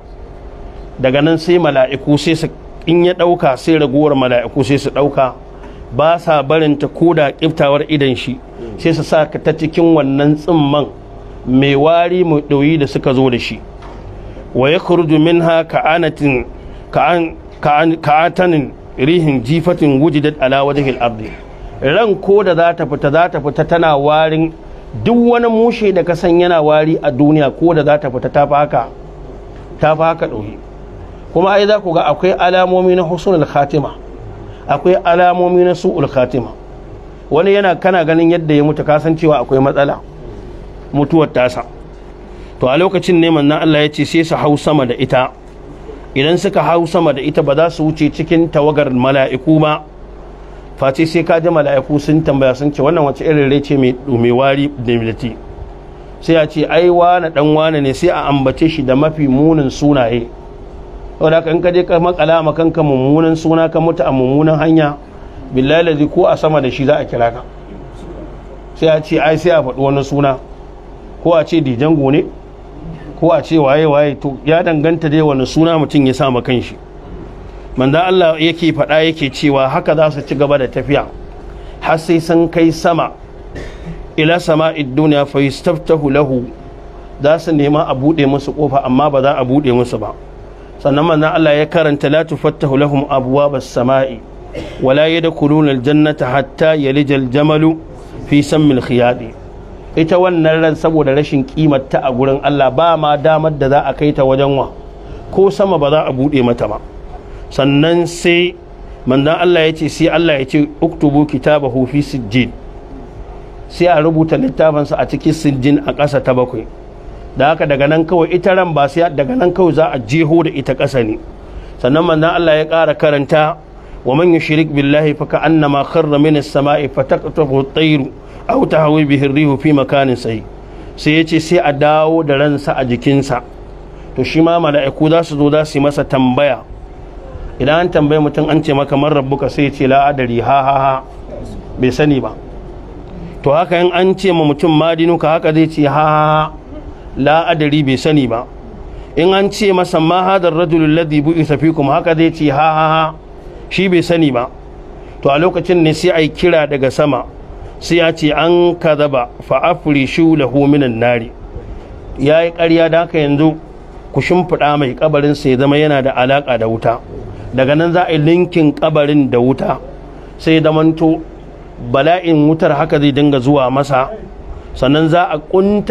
daga nan sai mala'iku sai su in ya ɗauka sai ragowar mala'iku sai su ɗauka ba sa barin ta koda kiftawar idan shi sai su saka ta cikin wannan tsimman mai wari mai ɗoyi da suka zo da shi wa ya kurdu min ka'an ka'atanin rihin jifatin wujidat ala wajhil ardi ran ko da za ta fita za ta fita tana warin duk wani mushe da ka san yana wari a duniya ko da za ta fita ta haka ta haka ɗauki kuma ai za ku ga akwai alamomi na husnul khatima akwai alamomi na su'ul khatima wani yana kana ganin yadda ya mutu kasan cewa akwai matsala mutuwar tasa to a lokacin neman manzon Allah ya ce sai su hau sama da ita idan suka hau sama da ita ba za su wuce cikin tawagar mala'iku ba face sai ka ji mala'iku sun tambaya sun ce wannan wace irin rai ce mai dume wari da milati sai a ce ai wane dan wane ne sai a ambace shi da mafi munin sunaye saboda kan ka je ka makala ma kanka mummunan suna ka mutu a mummunan hanya billahi lazi ko a sama da shi za a kira ka sai a ce ai sai a faɗi wani suna ko a ce dijango ne ko a ce waye waye to ya danganta dai wani suna mutum ya sama shi manzan Allah yake faɗa yake cewa haka za su ci gaba da tafiya har sai sun kai sama ila sama'id duniya fa yastaftahu lahu za su nema a buɗe musu ƙofa amma ba za a buɗe musu ba sannan manzan Allah ya karanta la tufattahu lahum abwabas sama'i wala yadkhuluna jannata hatta yalija jamalu fi sammil khiyadi ita wannan ran saboda rashin kimar ta a gurin Allah ba ma damar da za a kai ta wajen wa ko sama ba za a bude mata ba sannan sai mandan Allah ya ce sai Allah ya ce uktubu kitabahu fi sijjin sai a rubuta sa a cikin sijjin a ƙasa ta bakwai da haka daga nan kawai ita ran ba sai daga nan kawai za a jeho da ita ƙasa ne sannan manzan Allah ya ƙara karanta wa man yushrik billahi fa ka annama kharra min as-sama'i fataqtafu at-tayru auta hawi bihin rihu fi makanin sai sai ya ce sai a dawo da ransa a jikinsa to shi ma mala'iku za su zo za su yi masa tambaya idan an tambaye mutum an ce maka man rabbuka sai ya ce la adari ha ha ha bai sani ba to haka in an ce ma mutum madinuka haka zai ce ha ha ha la adari bai sani ba in an ce masa ma hadar rajulun ladhi bu'itha fikum haka zai ce ha ha ha shi bai sani ba to a lokacin ne sai ai kira daga sama sai ya ce an zaba fa shi lahu minan nari yi karya da haka yanzu ku shimfiɗa mai kabarin sai zama yana da alaƙa da wuta daga nan za a yi linkin kabarin da wuta sai zamanto bala'in wutar haka zai dinga zuwa masa sannan za a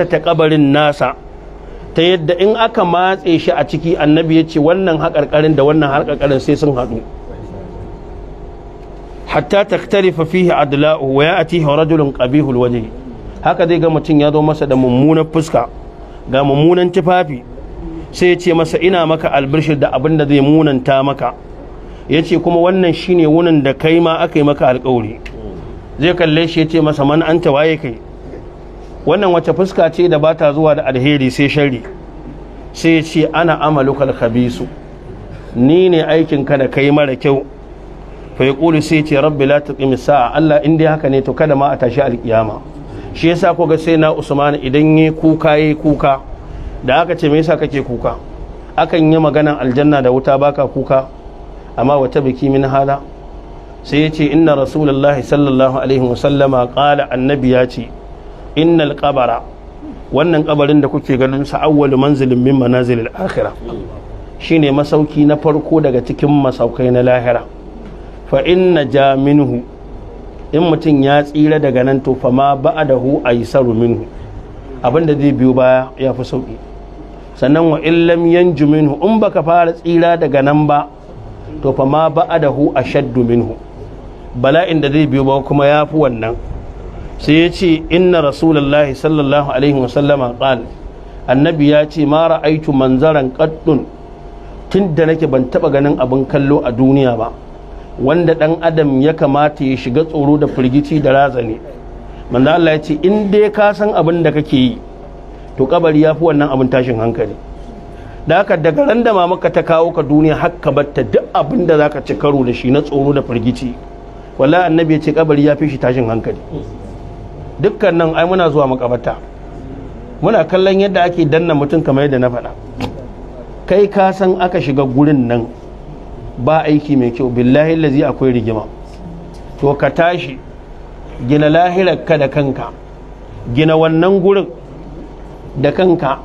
ta kabarin nasa ta yadda in aka matse shi a ciki annabi ya ce wannan haƙarƙarin da wannan haƙarƙarin sai sun haɗu hatta taktarifa fihi adla'u wa ya'tihi rajulun qabihul wajhi haka zai ga mutum ya zo masa da mummunan fuska ga mummunan tufafi sai ya ce masa ina maka albirshir da abin da zai munanta maka ya ce kuma wannan shine wunin da kai ma aka yi maka alkawari zai kalle shi ya ce masa man an waye kai wannan wace fuska ce da ba ta zuwa da alheri sai shari sai ya ce ana amalukal khabisu ni ne aikinka da kai mara kyau fa sai ce rabbi la taqim sa'a Allah in dai haka ne to kada ma a tashi alkiyama shi yasa ko ga sai na Usman idan yi kuka yi kuka da aka ce me yasa kake kuka akan yi maganan aljanna da wuta baka kuka amma wata biki min hala sai yace inna rasulullahi sallallahu alaihi wasallama qala annabi ya ce innal qabara wannan kabarin da kuke ganin sa awwalu manzilin min manazilil akhirah shine masauki na farko daga cikin masaukai na lahira fa na ja minhu in mutum ya tsira daga nan to fa ma yi saru minhu abinda zai biyo baya ya fi sauƙi. sannan wa illam yanju minhu in baka fara tsira daga nan ba to fa ma a shaddu minhu bala'in da zai biyo ba kuma ya fi wannan sai ya ce inna rasulallah sallallahu alaihi wasallama qala annabi ya ce ma ra'aitu manzaran qaddun tun da nake ban taba ganin abin kallo a duniya ba wanda ɗan adam ya kamata ya shiga tsoro da firgici da razani manzo Allah ya ce in dai ka san abin da kake yi to kabari ya fi wannan abin tashin hankali da haka daga ran da mamaka ta kawo ka duniya har ka batta duk abin da zaka ci karo da shi na tsoro da firgici wallahi annabi ya ce kabari ya fi shi tashin hankali dukkan nan ai muna zuwa makabarta muna kallon yadda ake danna mutum kamar yadda na faɗa kai ka san aka shiga gurin nan ba aiki mai kyau billahi lazi akwai rigima to ka tashi gina lahirarka da kanka gina wannan gurin da kanka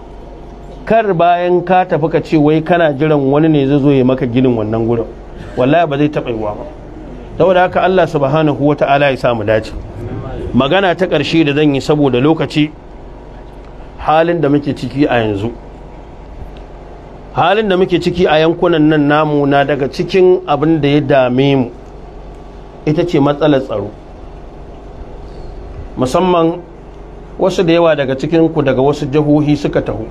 kar bayan ka tafi ka ce wai kana jiran wani ne zai zo ya maka ginin wannan gurin wallahi ba zai taɓa yiwa ba saboda haka Allah subhanahu wata'ala ya samu dace magana ta ƙarshe da zan yi saboda lokaci halin da muke ciki a yanzu halin da muke ciki a yankunan nan namu na daga cikin abin da ya dame mu ita ce matsalar tsaro musamman wasu da yawa daga cikinku daga wasu jihohi suka taho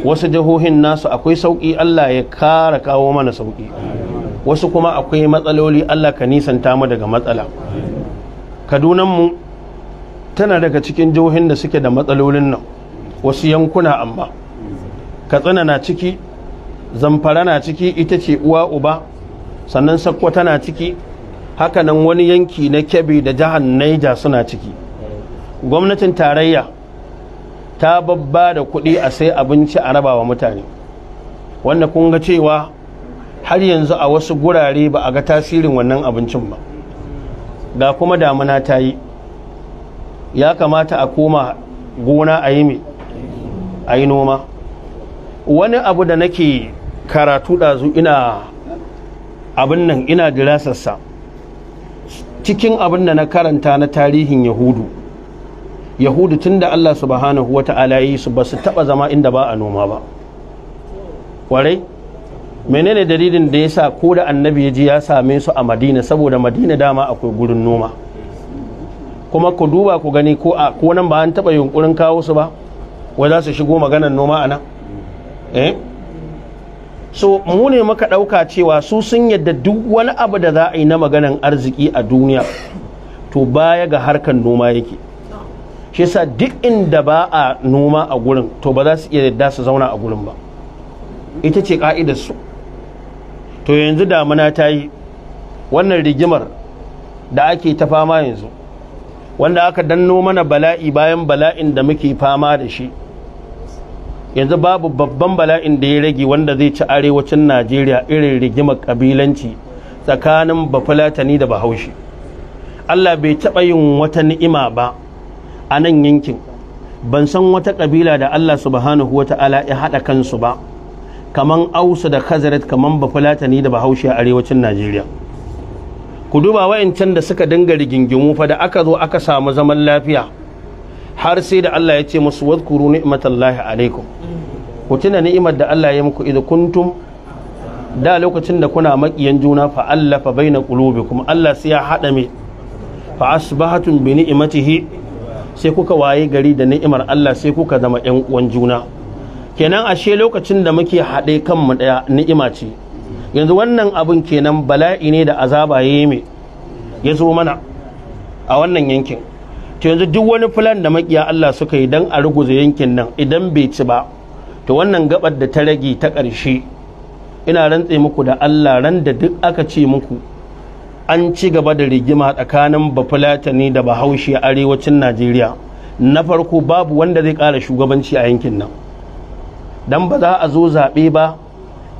wasu jihohin nasu akwai sauƙi Allah ya kara kawo mana sauƙi wasu kuma akwai matsaloli Allah ka nisanta mu daga matsala mu tana daga cikin jihohin da suke da matsalolin nan wasu yankuna amma katsina na ciki zamfara na ciki ita ce uwa uba sannan sakwa tana ciki hakanan wani yanki na kebe da jihar naija suna ciki gwamnatin tarayya ta babba da kuɗi a sai abinci a rabawa mutane wanda kun ga cewa har yanzu a wasu gurare ba a ga tasirin wannan abincin ba ga kuma damuna ta yi ya kamata a koma gona a a yi noma wani abu da nake karatu ɗazu ina abin nan ina dirasarsa cikin abin da na karanta na tarihin yahudu yahudu tun da allah subhanahu wa ta'ala yi su ba su taba zama inda ba a noma ba kwarai menene dalilin da ya sa ko da annabi ya ji ya same su a madina saboda madina dama akwai gurin noma kuma ku duba ku gani ko nan ba an taba yunkurin kawo su ba wai za su shigo maganar noma a nan Eh? so mu ne muka ɗauka cewa su sun yadda duk wani abu da za a yi na maganan arziki a duniya to baya ga harkar noma yake shi yasa duk inda ba a noma a gurin to ba za su iya yadda su zauna a gurin ba ita ce su to yanzu damuna ta yi wannan rigimar da ake ta fama yanzu wanda aka danno mana bala'i bayan bala'in da muke fama da shi yanzu babu babban bala'in da ya rage wanda zai ci arewacin najeriya irin rigimar kabilanci tsakanin bafulatani da bahaushe allah bai taɓa yin wata ni'ima ba a nan yankin ban san wata kabila da allah subhanahu wata'ala ya haɗa kansu ba kaman ausa da kazaret kamar bafulatani da bahaushe a arewacin najeriya ku duba wayancan da suka dinga rigingimu fa da aka zo aka samu zaman lafiya har sai da allah ya ce musu wadkuru ni'matallahi alaikum ku tuna ni'imar da Allah ya muku idh kuntum da lokacin da kuna makiyan juna fa allafa baina kuma Allah sai ya hada mi fa asbahatum bi ni'matihi sai kuka waye gari da ni'imar Allah sai kuka zama yan uwan juna kenan ashe lokacin da muke haɗe kanmu daya ni'ima ce yanzu wannan abun kenan bala'i ne da azaba yayi me ya zo mana a wannan yankin to yanzu duk wani filan da makiya Allah suka yi dan a ruguza yankin nan idan bai ci ba to wannan gabar da ta rage ta ƙarshe ina rantse muku da Allah ran da duk aka ce muku an ci gaba da rigima tsakanin bafulatani da bahaushe a arewacin Najeriya na farko babu wanda zai ƙara shugabanci a yankin nan dan ba za a zo zaɓe ba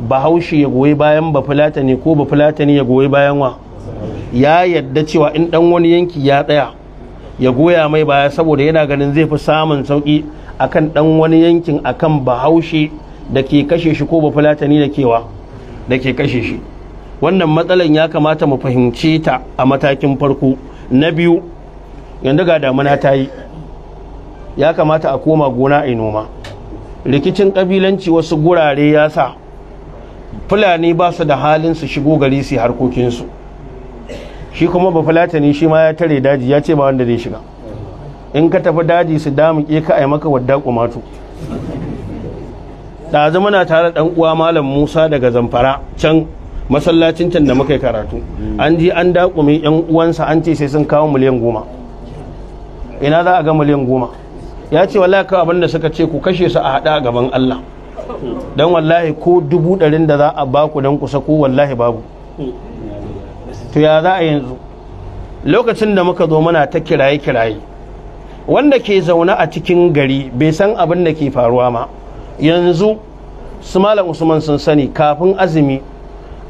bahaushe ya goyi bayan bafulatani ko bafulatani ya goyi bayan wa ya yadda cewa in dan wani yanki ya tsaya ya goya mai baya saboda yana ganin zai fi samun sauki akan dan wani yankin akan bahaushe da ke kashe shi ko bafulatani da kewa da ke kashe shi wannan matsalan ya kamata mu fahimce ta a matakin farko na biyu yanzu ga damuna ta yi ya kamata a koma gona a noma rikicin kabilanci wasu gurare ya sa fulani ba su da halin su shigo gari su harkokinsu shi kuma bafulatani shi ma ya tare daji ya ce ba wanda zai shiga in ka tafi daji su ke ka ai maka wadda kumatu ɗazu muna tare dan uwa malam musa daga zamfara can masallacin can da muka yi karatu an ji an dakume yan uwansa an ce sai sun kawo miliyan goma ina za a ga miliyan goma ya ce wallahi kawai abinda suka ce ku kashe su a haɗa gaban allah don wallahi ko dubu ɗarin da za a ba ku dan kusa ko wallahi babu to ya za a yanzu lokacin da muka zo muna ta kiraye kiraye wanda ke zaune a cikin gari bai san abin da ke faruwa ma yanzu su malam usman sun sani kafin azumi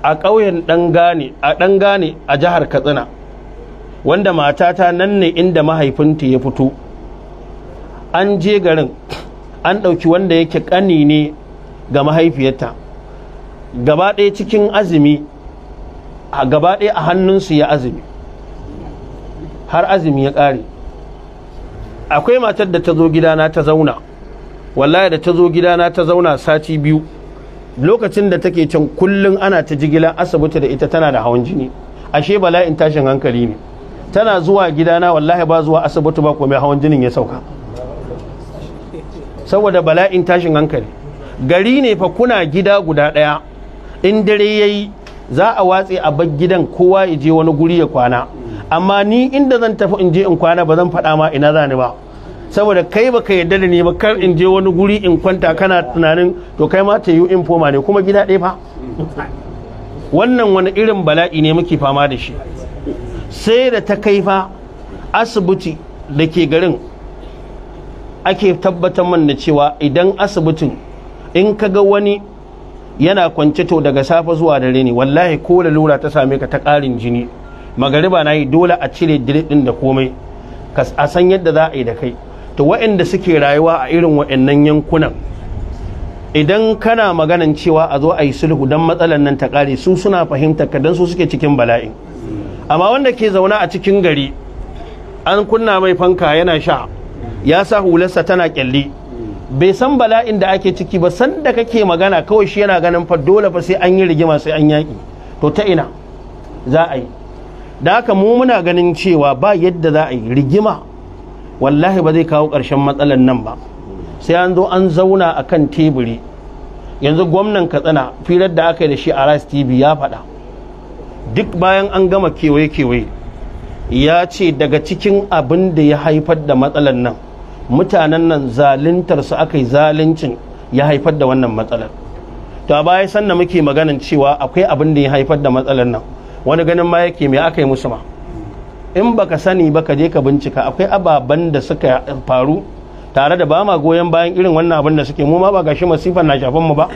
a ƙauyen ɗangane a ɗangane a jihar katsina wanda matata nan ne inda mahaifinta ya fito an je garin an ɗauki wanda yake ƙani ne ga mahaifiyarta gaba ɗaya cikin azumi gaba ɗaya a hannunsu ya azumi har azumi ya ƙare akwai matar da ta zo gidana ta zauna wallahi da ta zo gidana ta zauna sati biyu lokacin da take can kullum ana ta jigilan asibiti da ita tana da hawan jini ashe bala'in tashin hankali ne tana zuwa gidana wallahi ba zuwa asibiti ba komai hawan jinin ya sauka saboda bala'in tashin hankali gari ne fa kuna gida guda ɗaya in dare yayi za a watse a bar gidan kowa ya je wani guri ya kwana amma ni inda zan tafi in je in kwana ba zan faɗa ma ina za ni ba saboda kai baka yadda da ni ba kar in je wani guri in kwanta kana tunanin to kai ma ta yi infoma ne kuma gida ɗaya fa wannan wani irin bala'i ne muke fama da shi sai da ta kai fa asibiti da ke garin ake tabbatar man da cewa idan asibitin in ka ga wani yana kwance to daga safe zuwa dare ne wallahi ko lura ta same ka ta ƙarin jini magariba na yi dole a cire dire ɗin da komai a san yadda za a yi da kai to waɗanda suke rayuwa a irin waɗannan yankunan idan kana maganan cewa a zo a yi sulhu don matsalar nan ta ƙare su suna fahimta ka don su suke cikin bala'i amma wanda ke zauna a cikin gari an kunna mai fanka yana sha ya sa hularsa tana kyalli bai san bala'in da ake ciki ba san da kake magana kawai shi yana ganin fa dole fa sai an yi rigima sai an yaƙi to ta ina za a yi da haka mu muna ganin cewa ba yadda za a yi rigima wallahi ba zai kawo ƙarshen matsalar nan ba sai an zo an zauna a kan teburi yanzu gwamnan katsina firar da aka yi da shi a rice tv ya faɗa duk bayan an gama kewaye-kewaye ya ce daga cikin abin da ya haifar da matsalar nan mutanen nan zaluntarsu aka yi zaluncin ya haifar da wannan matsalar to a baya sannan muke maganin cewa akwai abin da ya haifar da matsalar nan wani ganin ma yake mai aka yi musu ma in baka sani ba ka je ka bincika akwai ababen da suka faru tare da ba ma goyon bayan irin wannan abin da suke mu ma ba gashi masifan na shafan mu ba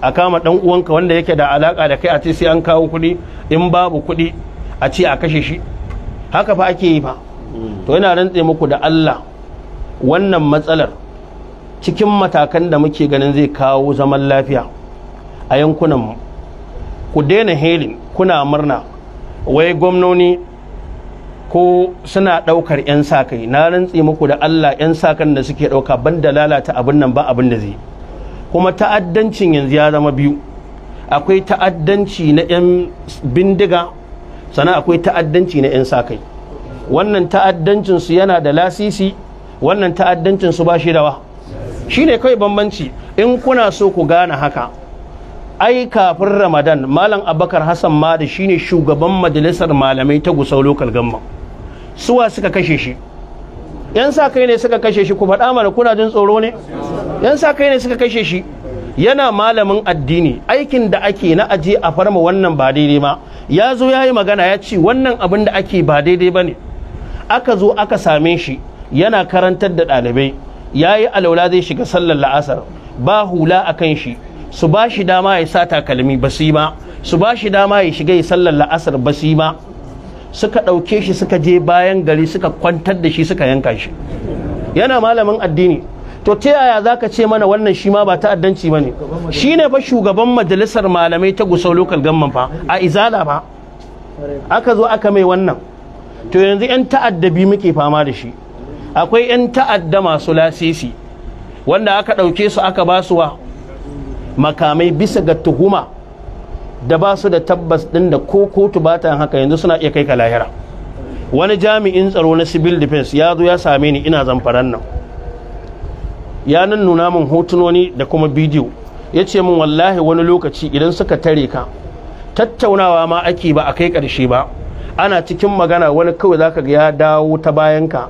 a kama dan uwanka wanda yake da alaka da kai a ce sai an kawo kuɗi in babu kuɗi a ce a kashe shi haka fa ake yi fa hmm. to yana rantse muku da Allah wannan matsalar cikin matakan da muke ganin zai kawo zaman lafiya a yankunan ku daina helin kuna murna wai gwamnoni ko suna ɗaukar 'yan sa kai na rantse muku da Allah 'yan sa kan da suke ɗauka ban da lalata abin nan ba abin da zai kuma ta'addancin yanzu ya zama biyu akwai ta'addanci na 'yan bindiga sannan akwai ta'addanci na 'yan sa kai wannan ta'addancin su yana da lasisi wannan ta'addancin su ba shi da wa shine kawai bambanci in kuna so ku gane haka ai kafin ramadan malam abakar hassan ma da shine shugaban majalisar malamai ta gusau lokal gamma suwa suka kashe shi yan sa kai ne suka kashe shi ku faɗa mana kuna jin tsoro ne yan sa kai ne suka kashe shi yana malamin addini aikin da ake na aje a farma wannan ba daidai ba ya zo ya yi magana ya ce wannan abin da ake ba daidai ba ne aka zo aka same shi yana karantar da ɗalibai ya yi alaula zai shiga sallar la'asar ba hula a kan shi su ba shi dama ya sa takalmi ba su yi ba su ba shi dama ya shiga ya sallar la'asar ba su yi ba suka ɗauke shi suka je bayan gari suka kwantar da shi suka yanka shi yana malamin addini to ta yaya za ka ce mana wannan shi ma ba ta'addanci ba ne shi ne fa shugaban majalisar malamai ta gusau lokal gamman fa a izala ba aka zo aka mai wannan to yanzu 'yan ta'adda ta'addabi muke fama da shi akwai 'yan ta'adda masu lasisi wanda aka ɗauke su aka ba su wa makamai bisa ga tuhuma da ba su da tabbas ɗin da ko kotu ba ta haka yanzu suna iya kai ka lahira wani jami'in tsaro na civil defense ya zo ya same ni ina zamfaran nan ya nan nuna min hotunoni da kuma bidiyo ya ce min wallahi wani lokaci idan suka tare ka tattaunawa ma ake ba a kai ƙarshe ba ana cikin magana wani kawai za ka ga ya dawo ta bayan ka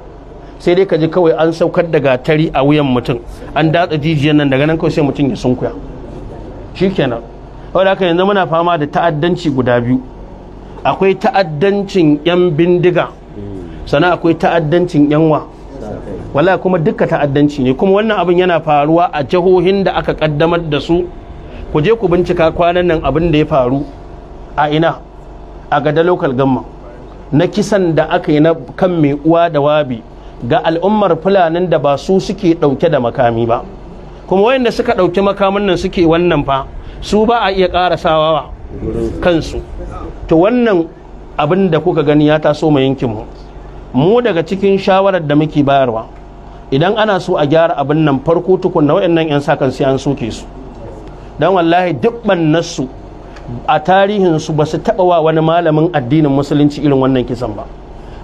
sai dai ka ji kawai an saukar da gatari a wuyan mutum an datsa jijiyar nan daga nan kawai sai mutum ya sunkuya shikenan wadda haka yanzu muna fama da ta'addanci guda biyu akwai ta'addancin 'yan bindiga sana akwai ta'addancin 'yanwa wala kuma duka ta'addanci ne kuma wannan abin yana faruwa a jihohin da aka kaddamar da su ku je ku bincika kwanan nan abin da ya faru a ina a gada lokal gamma na kisan da aka yi na kan mai uwa da wabi ga al'ummar fulanin da ba su suke dauke da makami ba kuma wayanda suka ɗauki makamin nan suke wannan fa su ba a iya ƙarasawa kansu to wannan abin da kuka gani ya taso mai yankinmu mu daga cikin shawarar da muke bayarwa idan ana so a gyara abin nan farko tukun na waɗannan 'yan sa kansu an soke su don wallahi duk ɓannarsu a tarihinsu ba su taɓa wa wani malamin addinin musulunci irin wannan kisan ba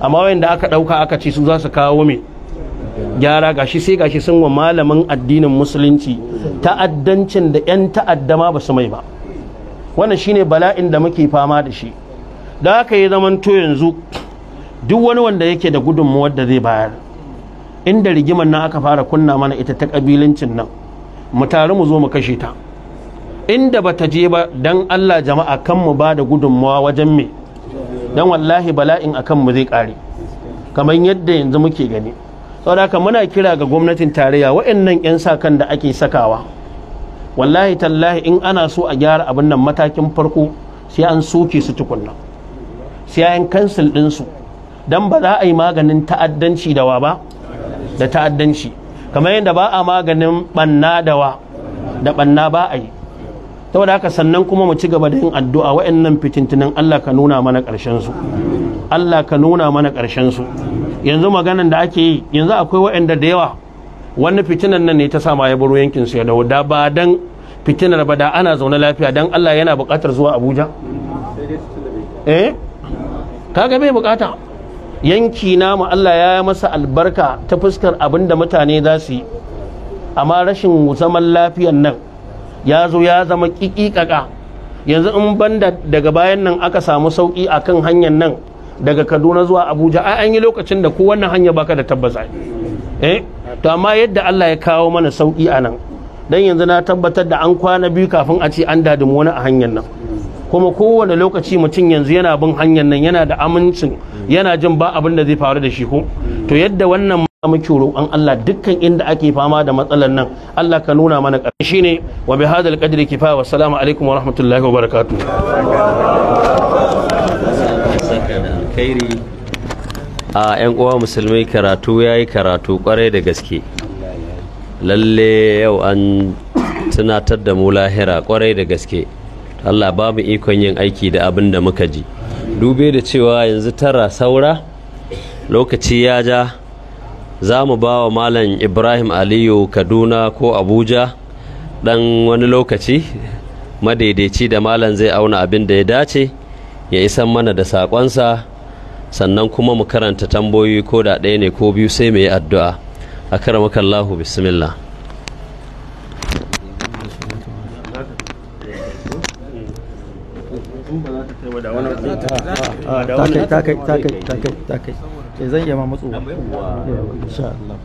amma wayanda aka ɗauka aka ce su za su kawo mai gyara gashi sai gashi sun wa malamin addinin musulunci ta'addancin da 'yan ta'adda ma ba su mai ba wannan shine bala'in da muke fama da shi da aka yi zaman to yanzu duk wani wanda yake da gudunmuwar da zai bayar inda rigimar na aka fara kunna mana ita ta kabilancin nan mu taru mu zo mu kashe ta inda bata je ba dan Allah jama'a kan mu ba da gudunmuwa wajen me dan wallahi bala'in akan mu zai kare kamar yadda yanzu muke gani saboda haka muna kira ga gwamnatin tarayya waɗannan 'yan sakan da ake sakawa wallahi tallahi in ana so a gyara abin nan matakin farko sai an soke su tukunna sai an kansil ɗinsu don ba za a yi maganin ta'addanci da wa ba da ta'addanci kamar yadda ba a maganin banna da wa da banna ba a yi ta wadda haka sannan kuma mu ci gaba da yin addu'a wa'annan fitintunan Allah ka nuna mana ƙarshensu su Allah ka nuna mana ƙarshensu yanzu maganan da ake yi yanzu akwai wa'anda da yawa wani fitinan nan ne ta sama ya baro yankin su ya dawo da ba dan fitinar ba da ana zaune lafiya dan Allah yana buƙatar zuwa Abuja eh kaga bai buƙata yanki namu Allah ya yi masa albarka ta fuskar abin da mutane za su yi amma rashin zaman lafiyan nan ya zo ya zama ƙiƙiƙaƙa yanzu in banda daga bayan nan aka samu sauƙi a kan hanyar nan daga kaduna zuwa abuja ai an yi lokacin da ko wannan hanya baka da tabbas eh to amma yadda allah ya kawo mana sauƙi a nan don yanzu na tabbatar da an kwana biyu kafin a ce an dadimu wani a hanyar nan kuma kowane lokaci mutum yanzu yana bin hanyar nan yana da amincin yana jin ba abin da zai faru da shi ko to yadda wannan muke roƙon Allah dukkan inda ake fama da matsalar nan Allah ka nuna mana ƙarshe ne wa bi hadal qadri kifaya wa assalamu alaikum wa rahmatullahi wa barakatuh a yan uwa musulmai karatu yayi karatu kwarai da gaske lalle yau an tunatar da mu lahira kwarai da gaske Allah ba mu ikon yin aiki da abin da muka ji dube da cewa yanzu tara saura lokaci ya ja za mu ba wa malam ibrahim aliyu kaduna ko abuja ɗan wani lokaci madaidaici da malam zai auna abin da ya dace ya isan mana da saƙonsa sannan kuma mu karanta tambayoyi ko da ɗaya ne ko biyu sai mu yi addu'a a karamakallahu bismillah takai eh zan iya ma matso insha Allah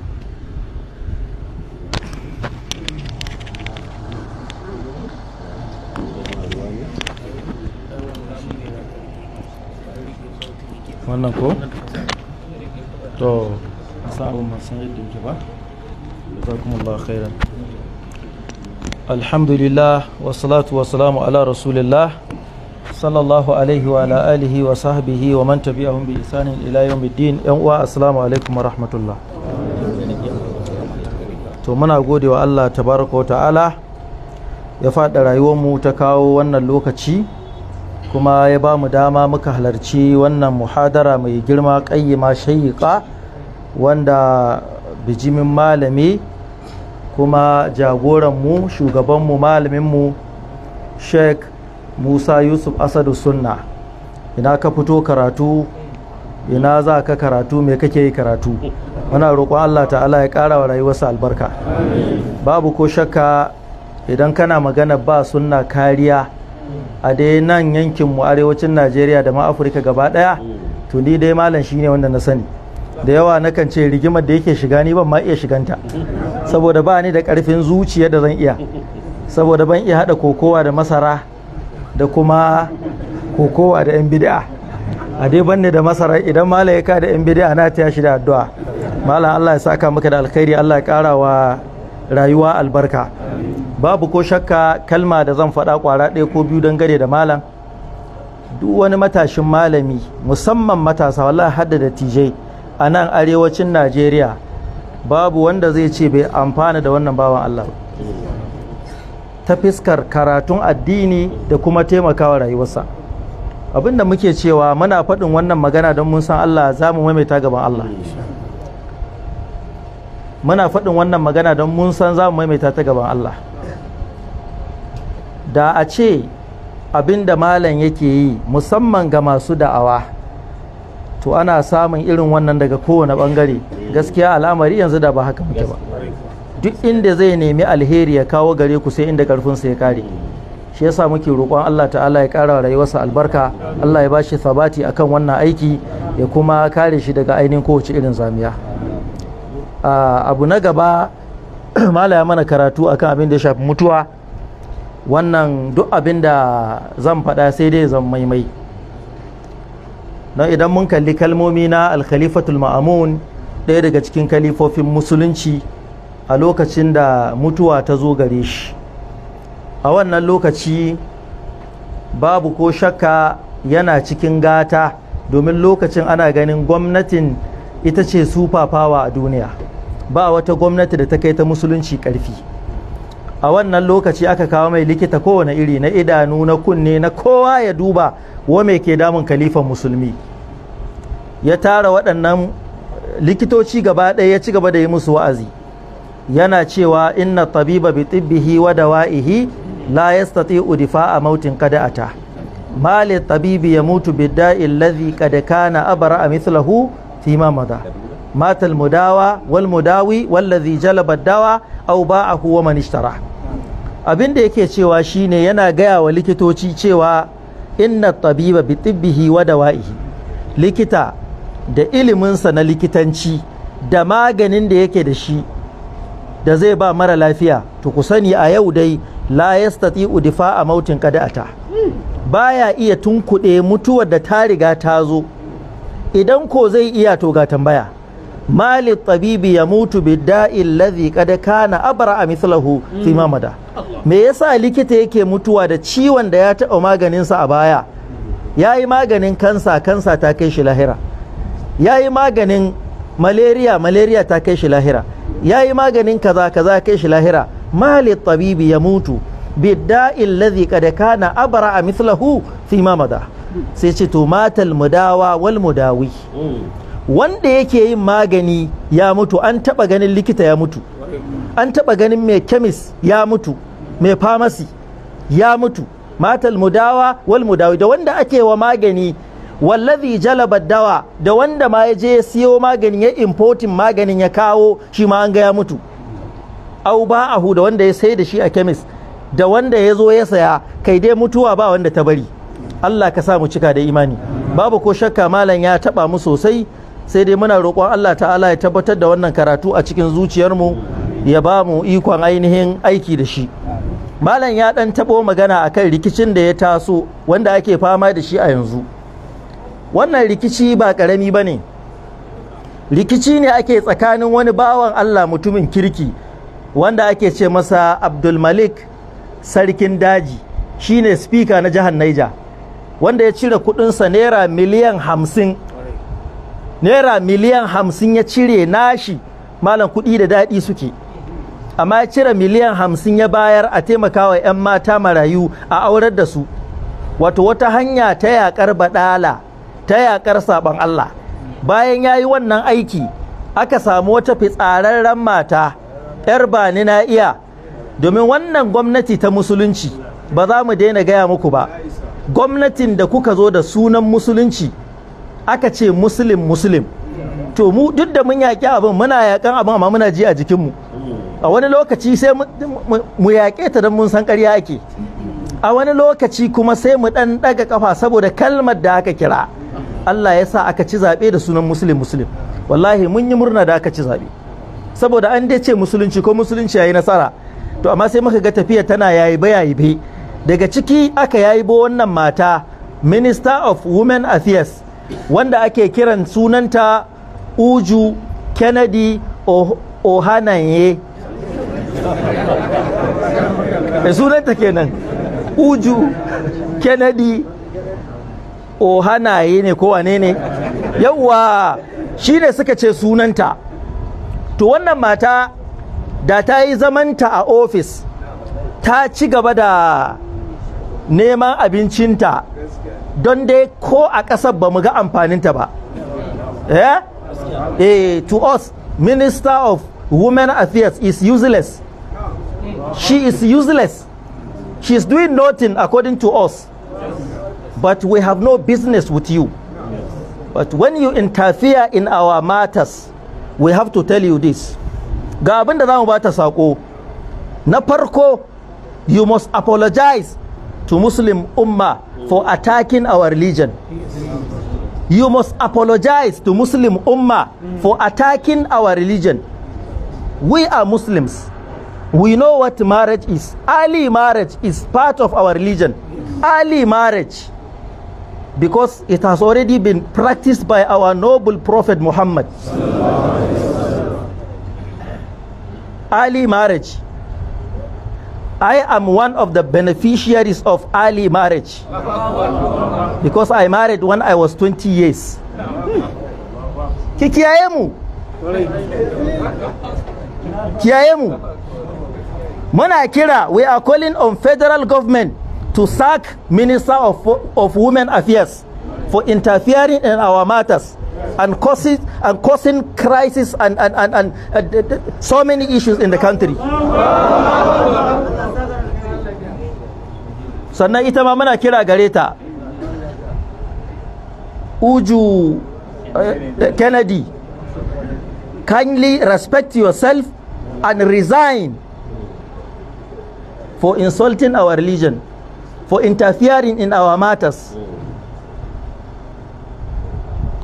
wannan ko to masan yadda yake ba khairan alhamdulillah wassalatu wassalamu ala rasulillah صلى الله عليه وعلى آله وصحبه ومن تبعهم بإحسان إلى يوم الدين يوم السلام عليكم ورحمة الله to muna gode wa Allah tabaraka wa ta'ala ya faɗa rayuwarmu ta kawo wannan lokaci kuma ya ba mu dama muka halarci wannan muhadara mai girma ƙayyima shayiƙa wanda bijimin malami kuma jagoran mu shugabanmu malaminmu sheikh musa yusuf asadu sunna ina ka fito karatu ina za ka karatu me kake yi karatu muna roƙon allah ta'ala ya ƙara wa rayuwarsa albarka babu ko shakka idan kana magana ba sunna kariya a dai nan yankinmu arewacin najeriya da ma afirka gaba ɗaya to ni dai malam shine wanda na sani da yawa nakan ce rigimar da yake shiga ni ban ma iya shiganta saboda ba ni da karfin zuciya da zan iya saboda ban iya hada kokowa da masara da kuma kokowa da 'yan bid'a a dai banne da masara idan malam ya kada da 'yan bid'a na ta shi da addu'a malam Allah ya saka maka da alkhairi Allah ya kara wa rayuwa albarka babu ko shakka kalma da zan faɗa kwara ɗaya ko biyu don gare da malam duk wani matashin malami musamman matasa wallahi hadda da tijai a nan arewacin najeriya babu wanda zai ce bai amfana da wannan bawan Allah ta fiskar karatun addini da kuma taimakawa rayuwarsa abinda muke cewa muna faɗin wannan magana don mun san Allah za mu maimaita gaban Allah muna faɗin wannan magana don mun san za mu maimaita ta gaban Allah da a ce abinda malam yake yi musamman ga masu da'awa to ana samun irin wannan daga kowane bangare gaskiya al'amari yanzu da ba haka muke ba duk inda zai nemi alheri ya kawo gare ku sai inda karfinsa ya kare shi yasa muke roƙon Allah ta'ala ya ƙara rayuwarsa albarka Allah ya bashi sabati akan wannan aiki ya kuma kare shi daga ainihin kowace irin zamiya abu na gaba [clears throat] mala ya mana karatu akan abin da ya shafi mutuwa wannan duk abin da zan faɗa sai dai zan maimai na idan mun kalli kalmomi na alkhalifatul ma'amun ɗaya daga cikin kalifofin musulunci a lokacin da mutuwa ta zo gare shi a wannan lokaci babu ko shakka yana cikin gata domin lokacin ana ganin gwamnatin ita ce superpower a duniya ba wata gwamnati da ta kai ta musulunci karfi a wannan lokaci aka kawo mai likita kowane iri na idanu na kunne na kowa ya duba wa mai ke damun kalifan musulmi ya tara waɗannan likitoci gaba ɗaya ya ci gaba da yi musu wa'azi yana cewa inna tabiba bi tibbihi wa dawa'ihi la yastati'u difa'a mautin qad ata mali tabibi yamutu bida'i alladhi qad kana abra mithluhu fima madha mata almudawa wal mudawi wallazi jalaba dawa aw ba'ahu wa man ishtara abinda yake cewa shine yana gaya wa likitoci cewa inna tabiba bi tibbihi wa dawa'ihi likita da iliminsa na likitanci da maganin da yake da shi da zai ba mara lafiya to ku sani a yau dai la yastati'u a mautin qada'ata baya iya tunkuɗe mutuwar da ta riga ta zo idan ko zai iya to ga tambaya mali tabibi ya mutu bidda'i alladhi qad kana abra mithlahu fi mamada me yasa likita yake mutuwa da ciwon da ya taɓa maganinsa a baya ya yi maganin kansa kansa ta kai shi lahira ya yi maganin malaria malaria ta kai shi lahira ya yi maganin kaza kaza kai shi lahira mali tabibi ya mutu bidda illazi kada kana abara a mislahu fi mamada sai ce to matal mudawa wal mudawi wanda yake yin magani ya mutu an taba ganin likita ya mutu an taba ganin mai kemis ya mutu mai famasi ya mutu matal mudawa wal mudawi da wanda ake wa magani wallazi jalaba dawa da wanda ma ya je ya siyo maganin ya importin maganin ya kawo shi ma an ga ya mutu au ba'ahu da wanda ya sai da shi a kemis da wanda ya zo ya saya kai dai mutuwa ba wanda ta bari Allah ka sa mu cika da imani babu ko shakka malam ya taba mu sosai sai dai muna roƙon Allah ta'ala ya tabbatar da wannan karatu a cikin zuciyar mu ya ba mu ikon ainihin aiki da shi malam ya dan tabo magana akan rikicin da ya taso wanda ake fama da shi a yanzu wannan rikici ba ƙarami ba ne rikici ne ake tsakanin wani bawan Allah mutumin kirki wanda ake ce masa abdulmalik sarkin daji shine spika na jihar naija wanda ya cire kudinsa naira miliyan hamsin naira miliyan hamsin ya cire nashi malam kudi da daɗi suke amma ya cire miliyan hamsin ya bayar a taimakawa 'yan mata marayu a aurar da su wato wata hanya ta yaƙar baɗala ta yakar saban Allah bayan ya yi wannan aiki aka samu wata fitsararren mata 'yar ni na iya domin wannan gwamnati ta musulunci ba za mu daina gaya muku ba gwamnatin da kuka zo da sunan musulunci aka ce musulun musulun to mu duk da mun yaƙi abin muna yaƙan abin amma muna ji a jikinmu a wani lokaci sai mu yaƙe ta don mun san ƙarya ake a wani lokaci kuma sai mu ɗan ɗaga kafa saboda kalmar da aka kira Allah ya sa aka ci zaɓe da sunan Musulun Musulun. wallahi mun yi murna da aka ci zaɓe saboda an dai ce musulunci ko musulunci yi nasara to amma sai muka ga tafiya tana yayi ba yayi be daga ciki aka yayi bo wannan mata minister of women affairs wanda ake kiran sunanta uju kennedy ohanaye sunanta kenan uju kennedy ohanaye ne ko wane ne yawwa shine ne suka ce sunanta to wannan mata da ta yi zamanta a ofis ta ci gaba da neman abincinta don dai ko a ƙasar ba mu ga amfaninta ba eh? eh to us minister of women affairs is useless she is useless shes is doing nothing according to us. But we have no business with you. But when you interfere in our matters, we have to tell you this. Ga abin da za mu bata sako. Na farko, you must apologize to Muslim umma for attacking our religion. You must apologize to Muslim umma for attacking our religion. We are Muslims. we know what marriage is. Early marriage is part of our religion. Early marriage. Because it has already been practiced by our noble Prophet Muhammad. Early marriage. I am one of the beneficiaries of early marriage. Because I married when I was 20 years. Ki kiyaye muna kira we are calling on federal government to sack minister of, of women affairs for interfering in our matters and causing and causing crisis and and, and, and so many issues in the country sannan ita ma muna kira gare ta uju eh, kennedy kindly respect yourself and resign for insulting our religion, for interfering in our matters.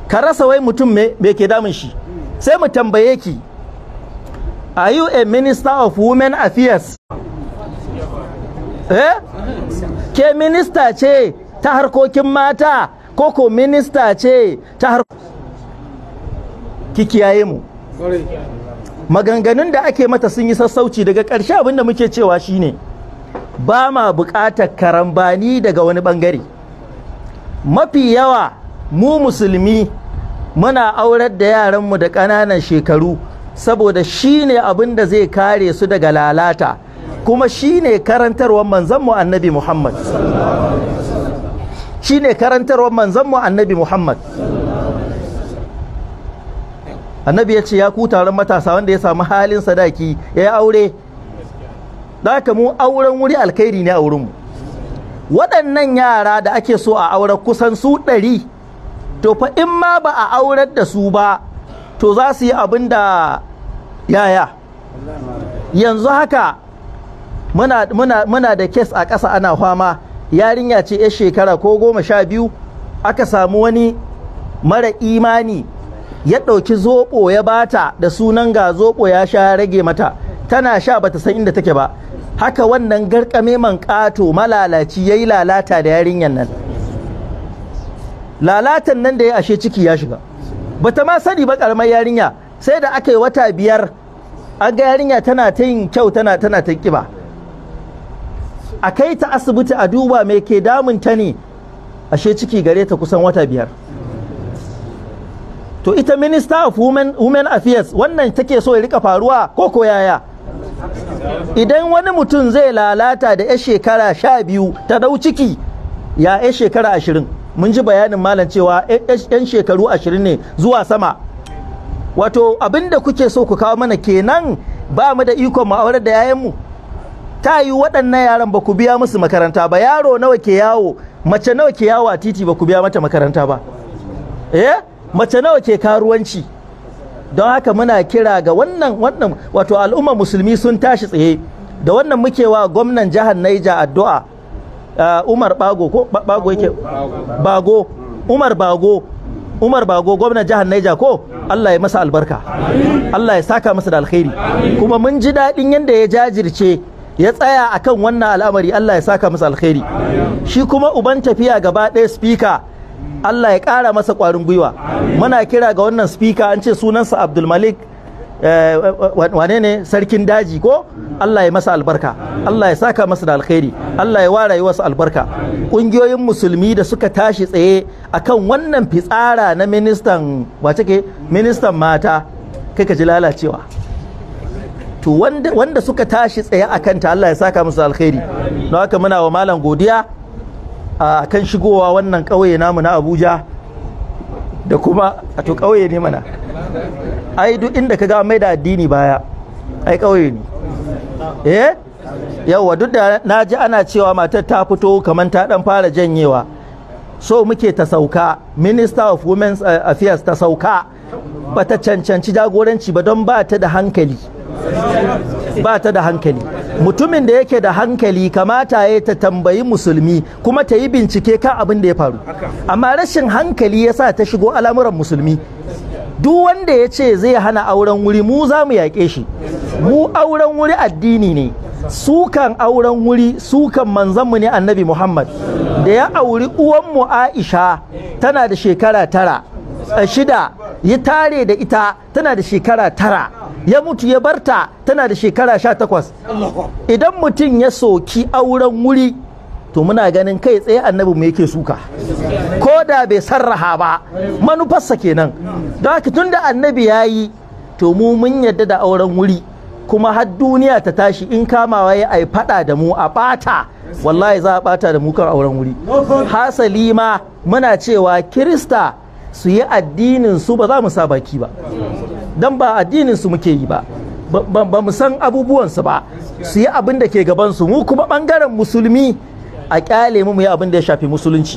Ka rasa wai mutum me ke damun shi, sai mu tambaye ki, are you a minister of women affairs? Eh? Ke minista ce ta harkokin mata, ko ko minista ce ta harkokin ki kiyaye mu. maganganun da ake mata sun yi sassauci daga ƙarshe abinda muke cewa shine ba ma buƙatar karambani daga wani ɓangare mafi yawa mu musulmi muna aurar da yaranmu da ƙananan shekaru saboda shi ne abin da zai kare su daga lalata kuma shi ne karantarwar manzanmu annabi muhammad shi ne karantarwar manzanmu annabi muhammad annabi ya ce ya ku taron matasa wanda ya samu halin sadaki ya yi aure da mu auren wuri alkhairi ne a wurin mu waɗannan yara da ake so a aure kusan su ɗari to fa in ma ba a aurar da su ba to za su yi abin da yaya yanzu haka muna, da kes a ƙasa ana fama yarinya ce 'yar shekara ko goma sha biyu aka samu wani mara imani ya ɗauki zoɓo ya bata da sunan ga zoɓo ya sha rage mata tana sha bata san inda take ba haka wannan garkame man ƙato malalaci ya yi lalata da yarinyar nan lalatan nan da ya ashe ciki ya shiga bata ma sani ba karamar yarinya sai da aka yi wata biyar an ga yarinya tana ta yin kyau tana tana ta kiba a kai ta asibiti a duba mai ke damun ta ne ashe ciki gare ta kusan wata biyar to ita minister of women, women affairs wannan take so ya rika faruwa ko ko yaya idan wani mutum zai lalata da 'ya shekara sha biyu ta dau ciki ya 'ya shekara ashirin mun ji bayanin malam cewa 'yan shekaru ashirin ne zuwa sama wato abinda kuke so ku kawo mana kenan ba mu da ikon ma'aurar aurar da 'ya'yanmu ta yi waɗannan yaran ba ku biya musu makaranta ba yaro nawa ke yawo mace nawa ke yawo a titi ba ku biya mata makaranta ba eh mace nawa ke karuwanci don haka muna kira ga wannan wannan wato al'umma musulmi sun tashi tsaye da wannan muke wa gwamnan jihar Naija addu'a uh, Umar Bago ko Bago yake Bago Umar Bago Umar Bago gwamnan jihar Naija ko Allah ya masa albarka Allah ya saka masa da alkhairi kuma mun ji daɗin yadda ya jajirce ya tsaya akan wannan al'amari Allah ya saka masa alkhairi shi kuma uban tafiya gaba ɗaya speaker Allah ya ƙara masa ƙwarin gwiwa muna kira ga wannan spika an ce sunansa Abdul Malik eh, wane ne sarkin daji ko Allah ya masa albarka Allah ya saka masa da alkhairi Allah ya ware wasu albarka ƙungiyoyin musulmi da suka tashi tsaye akan wannan fitsara na ministan wace ke ministan mata kai ka ji lalacewa to wanda suka tashi tsaye akan ta Allah ya saka musu alkhairi don haka muna wa malam godiya a kan shigowa wannan ƙauye namu na abuja da kuma a to ƙauye ne mana ai duk inda ka ga mai da addini baya ai ƙauye ne eh yawa duk da na ji ana cewa matar ta fito kamar ta dan fara janyewa so muke ta sauka minister of women's eh, affairs ta sauka ba ta cancanci jagoranci ba don ba ta da hankali ba ta da hankali mutumin da yake da hankali kamata ya ta tambayi musulmi kuma ta yi bincike kan abin da ya faru amma rashin hankali ya sa ta shigo al'amuran musulmi duk wanda ya ce zai hana auren wuri mu za mu yaƙe shi mu auren wuri addini ne sukan auren wuri sukan manzanmu ne annabi muhammad da ya auri uwanmu aisha tana da shekara tara shida ya tare da ita tana da shekara tara ya mutu ya barta tana da shekara sha takwas idan mutum ya soki auren wuri to muna ganin kai tsaye annabi mu yake suka ko da bai sarraha ba manufarsa kenan don haka tun da annabi ya yi to mu mun yadda da auren wuri kuma har duniya ta tashi in kamawa ya ai fada da mu a bata wallahi za a bata da mu kan auren wuri hasali ma muna cewa kirista su yi addinin su ba za mu sa baki ba don ba addinin su muke yi ba ba mu san abubuwansu ba su yi abin da ke gabansu mu kuma bangaren musulmi a kyale mu yi abin da ya shafi musulunci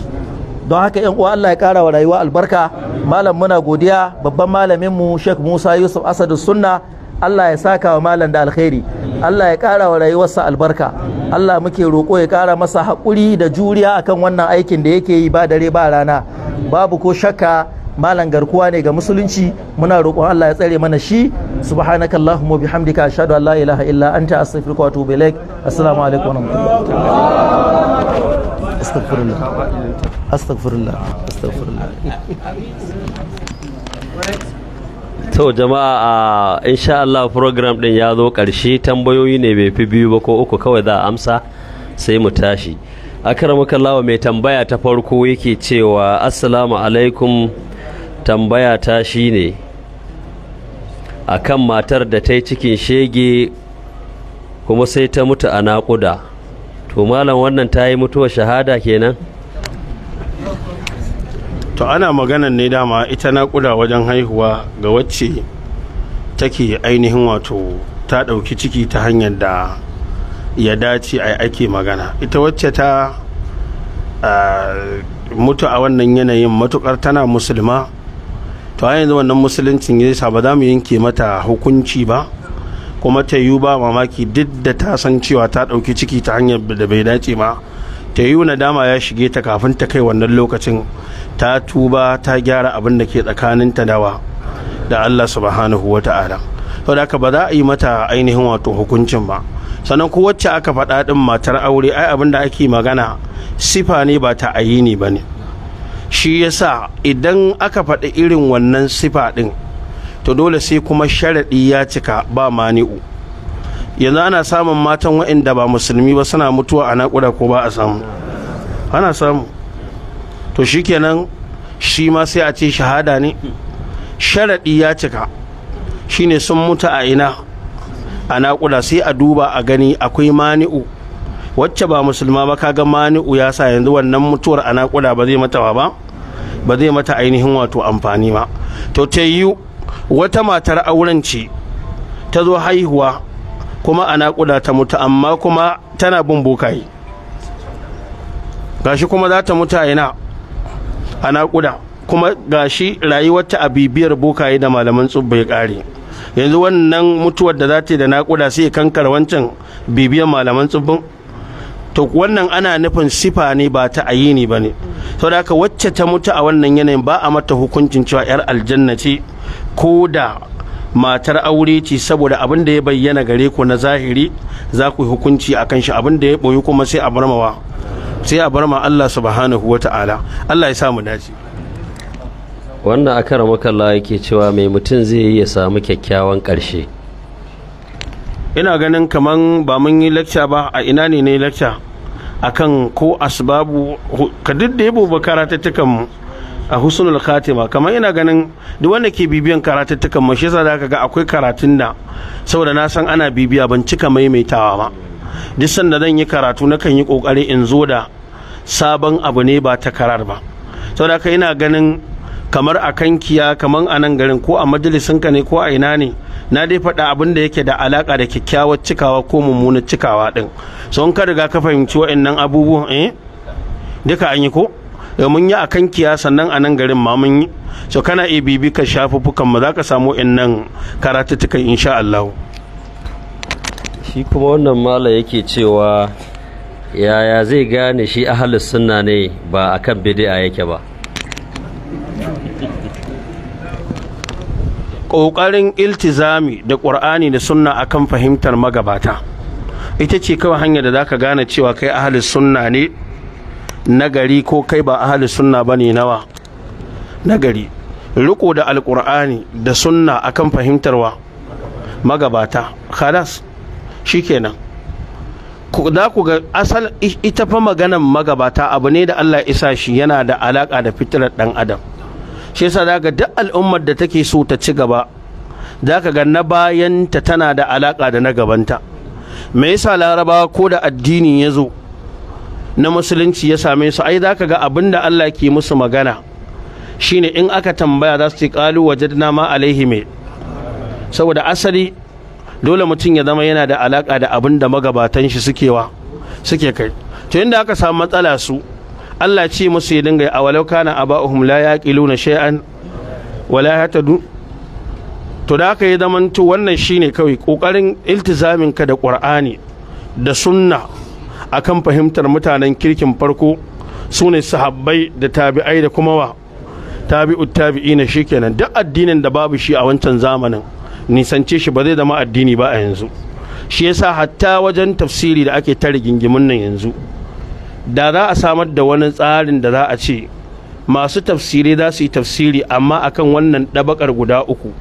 don haka yan uwa Allah ya kara wa rayuwa albarka malam muna godiya babban malamin mu Sheikh Musa Yusuf Asadu Sunna Allah ya saka wa malam da alkhairi Allah ya ƙara wa rayuwarsa albarka Allah muke roƙo ya kara masa haƙuri da juriya akan wannan aikin da yake yi ba dare ba rana babu ko shakka malam garkuwa ne ga musulunci muna roƙon Allah ya tsare mana shi subhanaka allahumma bihamdika ashhadu an la ilaha illa anta astaghfiruka wa atubu ilaik assalamu alaikum wa rahmatullahi astaghfirullah astaghfirullah astaghfirullah to jama'a a insha Allah program din ya zo ƙarshe tambayoyi ne bai fi biyu ba ko uku kawai za a amsa sai mu tashi akramakallahu mai tambaya ta farko yake cewa assalamu alaikum tambaya ta shine akan matar da ta yi cikin shege kuma sai ta mutu a naƙuda to malam wannan ta yi mutuwar shahada kenan to ana maganan ne dama ita naƙuda wajen haihuwa ga wacce take ainihin wato ta ɗauki ciki ta hanyar da ya dace a ake magana ita wacce ta mutu a wannan yanayin matukar tana musulma to a yanzu wannan musuluncin ya sa ba za mu yanke mata hukunci ba kuma ta yi ba mamaki duk da ta san cewa ta ɗauki ciki ta hanyar da bai dace ba ta yi dama ya shige ta kafin ta kai wannan lokacin ta tuba ta gyara abin da ke tsakanin ta dawa da Allah subhanahu wa ta'ala to da ba za a yi mata ainihin wato hukuncin ba sannan ko wacce aka faɗa ɗin matar aure ai abin da ake magana sifa ne ba ta ne ba ne shi yasa idan aka faɗi irin wannan sifa ɗin to dole sai kuma sharaɗi ya cika ba mani'u yanzu ana samun matan waɗanda ba musulmi ba suna mutuwa a naƙuda ko ba a samu ana samu to shikenan shi ma sai a ce shahada ne sharaɗi ya cika shine sun mutu a ina a naƙuda sai a duba a gani akwai mani'u wacce ba musulma ba kaga mani'u ya sa yanzu wannan mutuwar a naƙuda ba zai mata ba ba zai mata ainihin wato amfani ba to ta yi wata matar auren ce ta zo haihuwa kuma a naƙuda ta mutu amma kuma tana bin bukai gashi kuma za ta mutu yana ana naƙuda kuma gashi rayuwarta a bibiyar bokaye da malaman tsubbe ya kare yanzu wannan mutuwar da za ta yi da naƙuda sai kankar wancan bibiyar malaman tsubbin to wannan ana nufin sifa ne ba ta ayini ba ne saboda haka wacce ta mutu a wannan yanayin ba a mata hukuncin cewa 'yar aljanna ce ko da matar aure ce saboda abin da ya bayyana gare ku na zahiri za ku yi hukunci kan shi abin da ya boyi kuma sai a ma sai a ma Allah subhanahu ta'ala Allah ya sa mu dace wannan akara makalla yake cewa mai mutum zai yi ya samu kyakkyawan ƙarshe ina ganin kaman ba mun yi lacca ba a ina ne ne lacca akan ko asbabu ka duk da yabo bakara ta mu a husnul khatima kamar ina ganin duk wanda ke bibiyan karatuttukan mashi shi yasa zaka ga akwai karatun da saboda na san ana bibiya ban cika maimaitawa ba duk sanda zan yi karatu na kan yi kokari in zo da sabon abu ne ba ta karar ba saboda ka ina ganin kamar a kankiya kamar a nan garin ko a ka ne ko a ina ne na dai faɗa abin da yake da alaka da kyakkyawar cikawa ko mummunar cikawa ɗin so in ka riga ka fahimci wa'annan abubuwan eh duka an yi ko Eh, mun yi a kiyasa sannan a nan garin ma mun yi so kana iya bibi ka fukan mu za ka samu in nan karatuttukan insha Allah shi kuma wannan mala yake cewa yaya zai gane shi ahalus sunna ne ba akan bid'a yake ba ƙoƙarin iltizami da ƙur'ani da sunna akan fahimtar magabata ita ce kawai hanyar da za ka gane cewa kai ahalus sunna ne nagari ko kai ba ahli sunna bane nawa nagari riko da alkur'ani da sunna akan fahimtarwa magabata khalas shikenan kenan. ku ga asal ita fa maganan magabata abu ne da Allah isa shi yana da alaka da fitilar dan adam shi yasa daga duk al'ummar da take so ta ci gaba ka ga na bayanta tana da alaka da na gabanta me yasa larabawa ko da addini ya zo na musulunci ya same su ai zaka ga abin da Allah ke musu magana shine in aka tambaya za su ce wajen wajadna ma alaihi me saboda asali dole mutum ya zama yana da alaka da abin da magabatan shi wa suke kai to inda aka samu matsala su Allah ce musu ya dinga a walau kana aba'uhum la yaqiluna shay'an wala yahtadu to da aka yi zamantu wannan shine kawai kokarin iltizamin ka da Qur'ani da sunna akan fahimtar mutanen kirkin farko su ne sahabbai da tabi'ai da kuma wa tabi'u tabi'ina shikenan duk addinin da babu shi a wancan zamanin nisance shi ba zai zama addini ba a yanzu shi yasa hatta wajen tafsiri da ake tare gingimin nan yanzu da za a samar da wani tsarin da za a ce masu tafsiri za su yi tafsiri amma akan wannan ɗabakar guda uku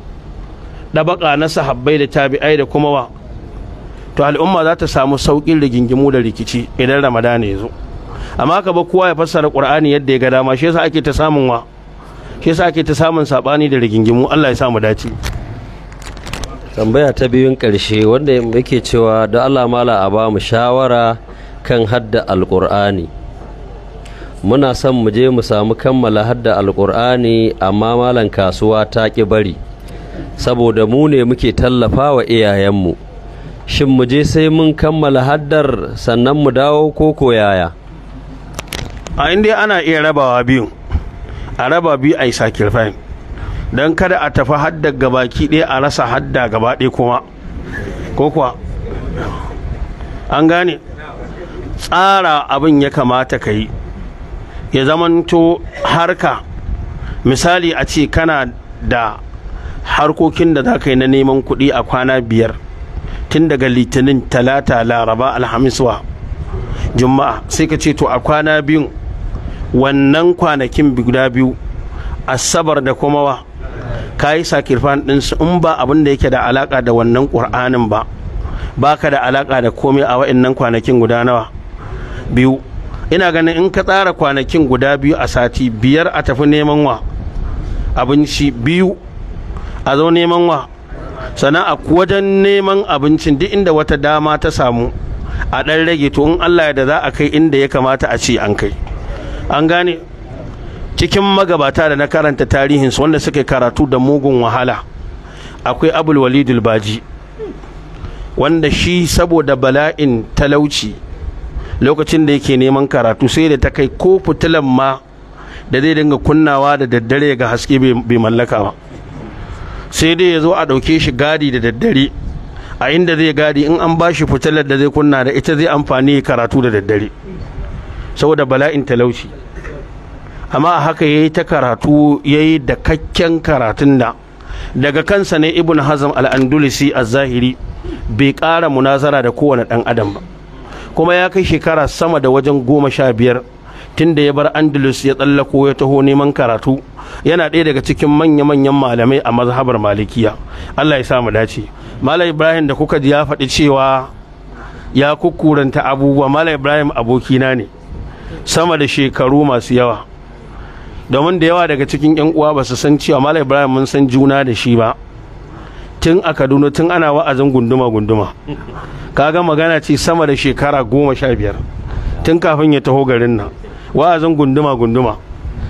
ɗabaka na sahabbai da tabi'ai da kuma wa to al'umma za ta samu sauƙin rigingimu da rikici idan ramadana ya zo amma ka ba kowa ya fassara qur'ani yadda ya ga dama shi yasa ake ta samun wa shi ake ta samun sabani da rigingimu Allah ya sa mu dace tambaya ta biyun ƙarshe wanda yake cewa da Allah mala a ba mu shawara kan hadda alqur'ani muna son mu je mu samu kammala hadda alqur'ani amma malan kasuwa ta ki bari saboda mu ne muke tallafa wa iyayenmu shin mu je sai mun kammala haddar sannan mu dawo ko koyaya a inda ana iya rabawa biyu a raba biyu a yi sakirfain don kada a tafi haddar gabaki ɗaya a rasa hadda gaba ɗaya kuma ko kuwa an gane tsara abin ya kamata ka yi ya zamanto harka misali a ce kana da harkokin da za ka yi na neman kuɗi a kwana biyar tun daga litinin talata laraba alhamis wa juma'a sai ka ce to a kwana biyun wannan kwanakin guda biyu asabar da kuma wa ka yi sakirfan ɗinsu in ba abin da yake da alaƙa da wannan ƙur'anin ba ba ka da alaƙa da komai a wa'innan kwanakin guda nawa biyu ina ganin in ka tsara kwanakin guda biyu a sati biyar a tafi neman wa abinci biyu a zo neman wa sana'a wajen neman abincin duk inda wata dama ta samu a ɗan rage to in Allah ya da za a kai inda ya kamata a ce an kai an gane cikin magabata da na karanta tarihinsu wanda suka karatu da mugun wahala akwai abul walidul baji wanda shi saboda bala'in talauci lokacin da yake neman karatu sai da ta kai ko fitilan ma da zai dinga kunnawa da daddare ga haske bai mallaka ba sai dai ya zo a ɗauke shi gadi da daddare a inda zai gadi in an bashi fitilar da zai kunna da ita zai amfani karatu da daddare saboda bala'in talauci amma a haka yayi ta karatu yayi da kakken karatun da daga kansa ne ibn hazm al-andalusi az-zahiri bai kara munazara da kowane ɗan adam ba kuma ya kai shekara sama da wajen goma sha biyar tunda ya bar andalus ya tsallako ya taho neman karatu yana ɗaya daga cikin manya-manyan malamai a mazhabar malikiya allah ya samu dace malam ibrahim da kuka ji ya faɗi cewa ya kukuranta abubuwa malam ibrahim abokina ne sama da shekaru masu yawa domin da yawa daga cikin yan uwa ba su san cewa malam ibrahim mun san juna da shi ba tun a kaduna tun ana wa'azin gunduma gunduma ka ga magana ce sama da shekara goma sha biyar tun kafin ya taho garin nan wa'azin gunduma gunduma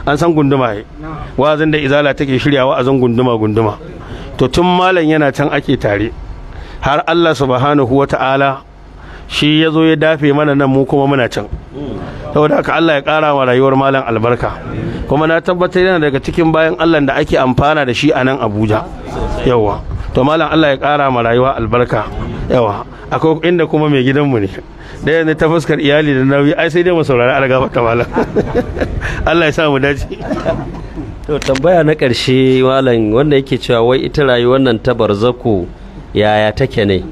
an san gunduma yi eh? wa'azin da izala take shirya wa'azin gunduma gunduma to tun malam yana can ake tare har Allah subhanahu wa ta'ala shi ya zo ya dafe mana nan mu kuma muna can saboda haka Allah ya kara wa rayuwar malam albarka kuma na tabbatar yana daga cikin bayan Allah da ake amfana da shi a nan Abuja yawa to malam Allah ya kara ma rayuwa albarka yawa akwai inda kuma mai gidanmu ne da yanzu ta fuskar iyali da nauyi ai sai dai mu saurari an gaba ta malam [laughs] Allah ya sa mu dace to tambaya na ƙarshe malam wanda yake cewa wai ita rayuwar nan ta barzako yaya take ne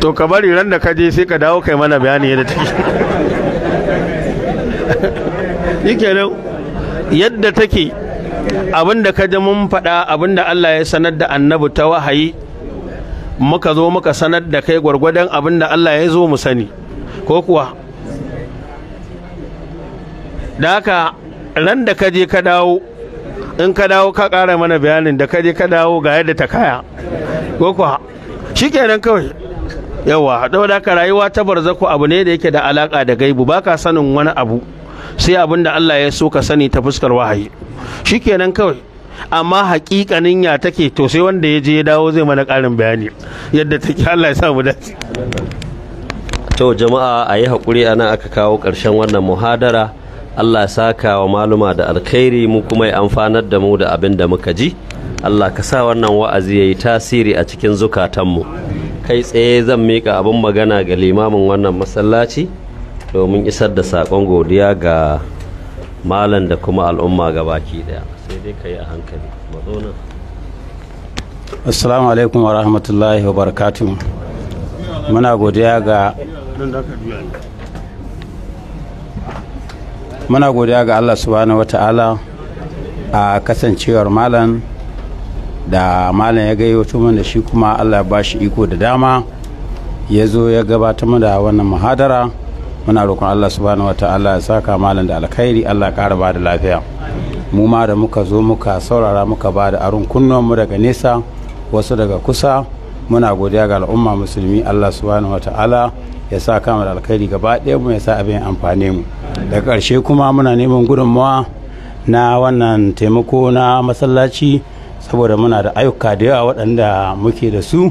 to ka bari ran da ka je sai ka dawo kai mana bayani yadda take yake [laughs] nan yadda take abinda ka ji mun faɗa abinda Allah ya sanar da annabi ta wahayi muka zo muka sanar da kai gwargwadon abinda Allah ya zo mu sani ko kuwa da haka ran da ka je ka dawo in ka dawo ka ƙara mana bayanin da ka je ka dawo ga yadda ta kaya ko kuwa shikenan kawai yawa saboda haka rayuwa ta barzaku abu ne da yake da alaka da gaibu baka sanin wani abu sai abin da Allah ya so ka sani ta fuskar wahayi shikenan kawai amma hakikanin ya take to sai wanda ya je ya dawo zai mana karin bayani yadda take Allah ya sa dace to jama'a a yi haƙuri a aka kawo ƙarshen wannan muhadara Allah ya saka wa maluma da alkhairi mu kuma ya amfanar da mu da abin da muka ji Allah ka sa wannan wa'azi ya yi tasiri a cikin zukatan mu. kai tsaye zan miƙa abin magana ga limamin wannan masallaci domin isar da saƙon godiya ga malam da kuma al'umma gabaki daya sai dai ka yi a hankali matsona assalamu alaikum wa rahmatullahi wa barakatun muna godiya ga muna godiya ga allah subhanahu wa ta'ala a kasancewar malam da malam ya gayyato da shi kuma allah ya bashi iko da dama ya zo ya gabata gabatar da wannan muhadara muna roƙon Allah subhanahu wata'ala ya saka malam da alkhairi Allah ƙara bada lafiya mu ma da muka zo muka saurara muka bada da arun mu daga nesa wasu daga kusa muna godiya ga al'umma musulmi Allah subhanahu wata'ala ya sa kama da alkhairi gaba ɗaya mu ya sa abin amfane mu daga ƙarshe kuma muna neman gudunmawa na wannan taimako na masallaci saboda muna da ayyuka da yawa waɗanda muke da su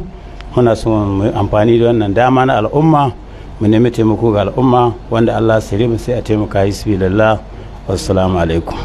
muna son amfani da wannan dama na al'umma mu nemi taimako ga al'umma wanda Allah sare mu sai a taimaka hisbi lillah wassalamu alaikum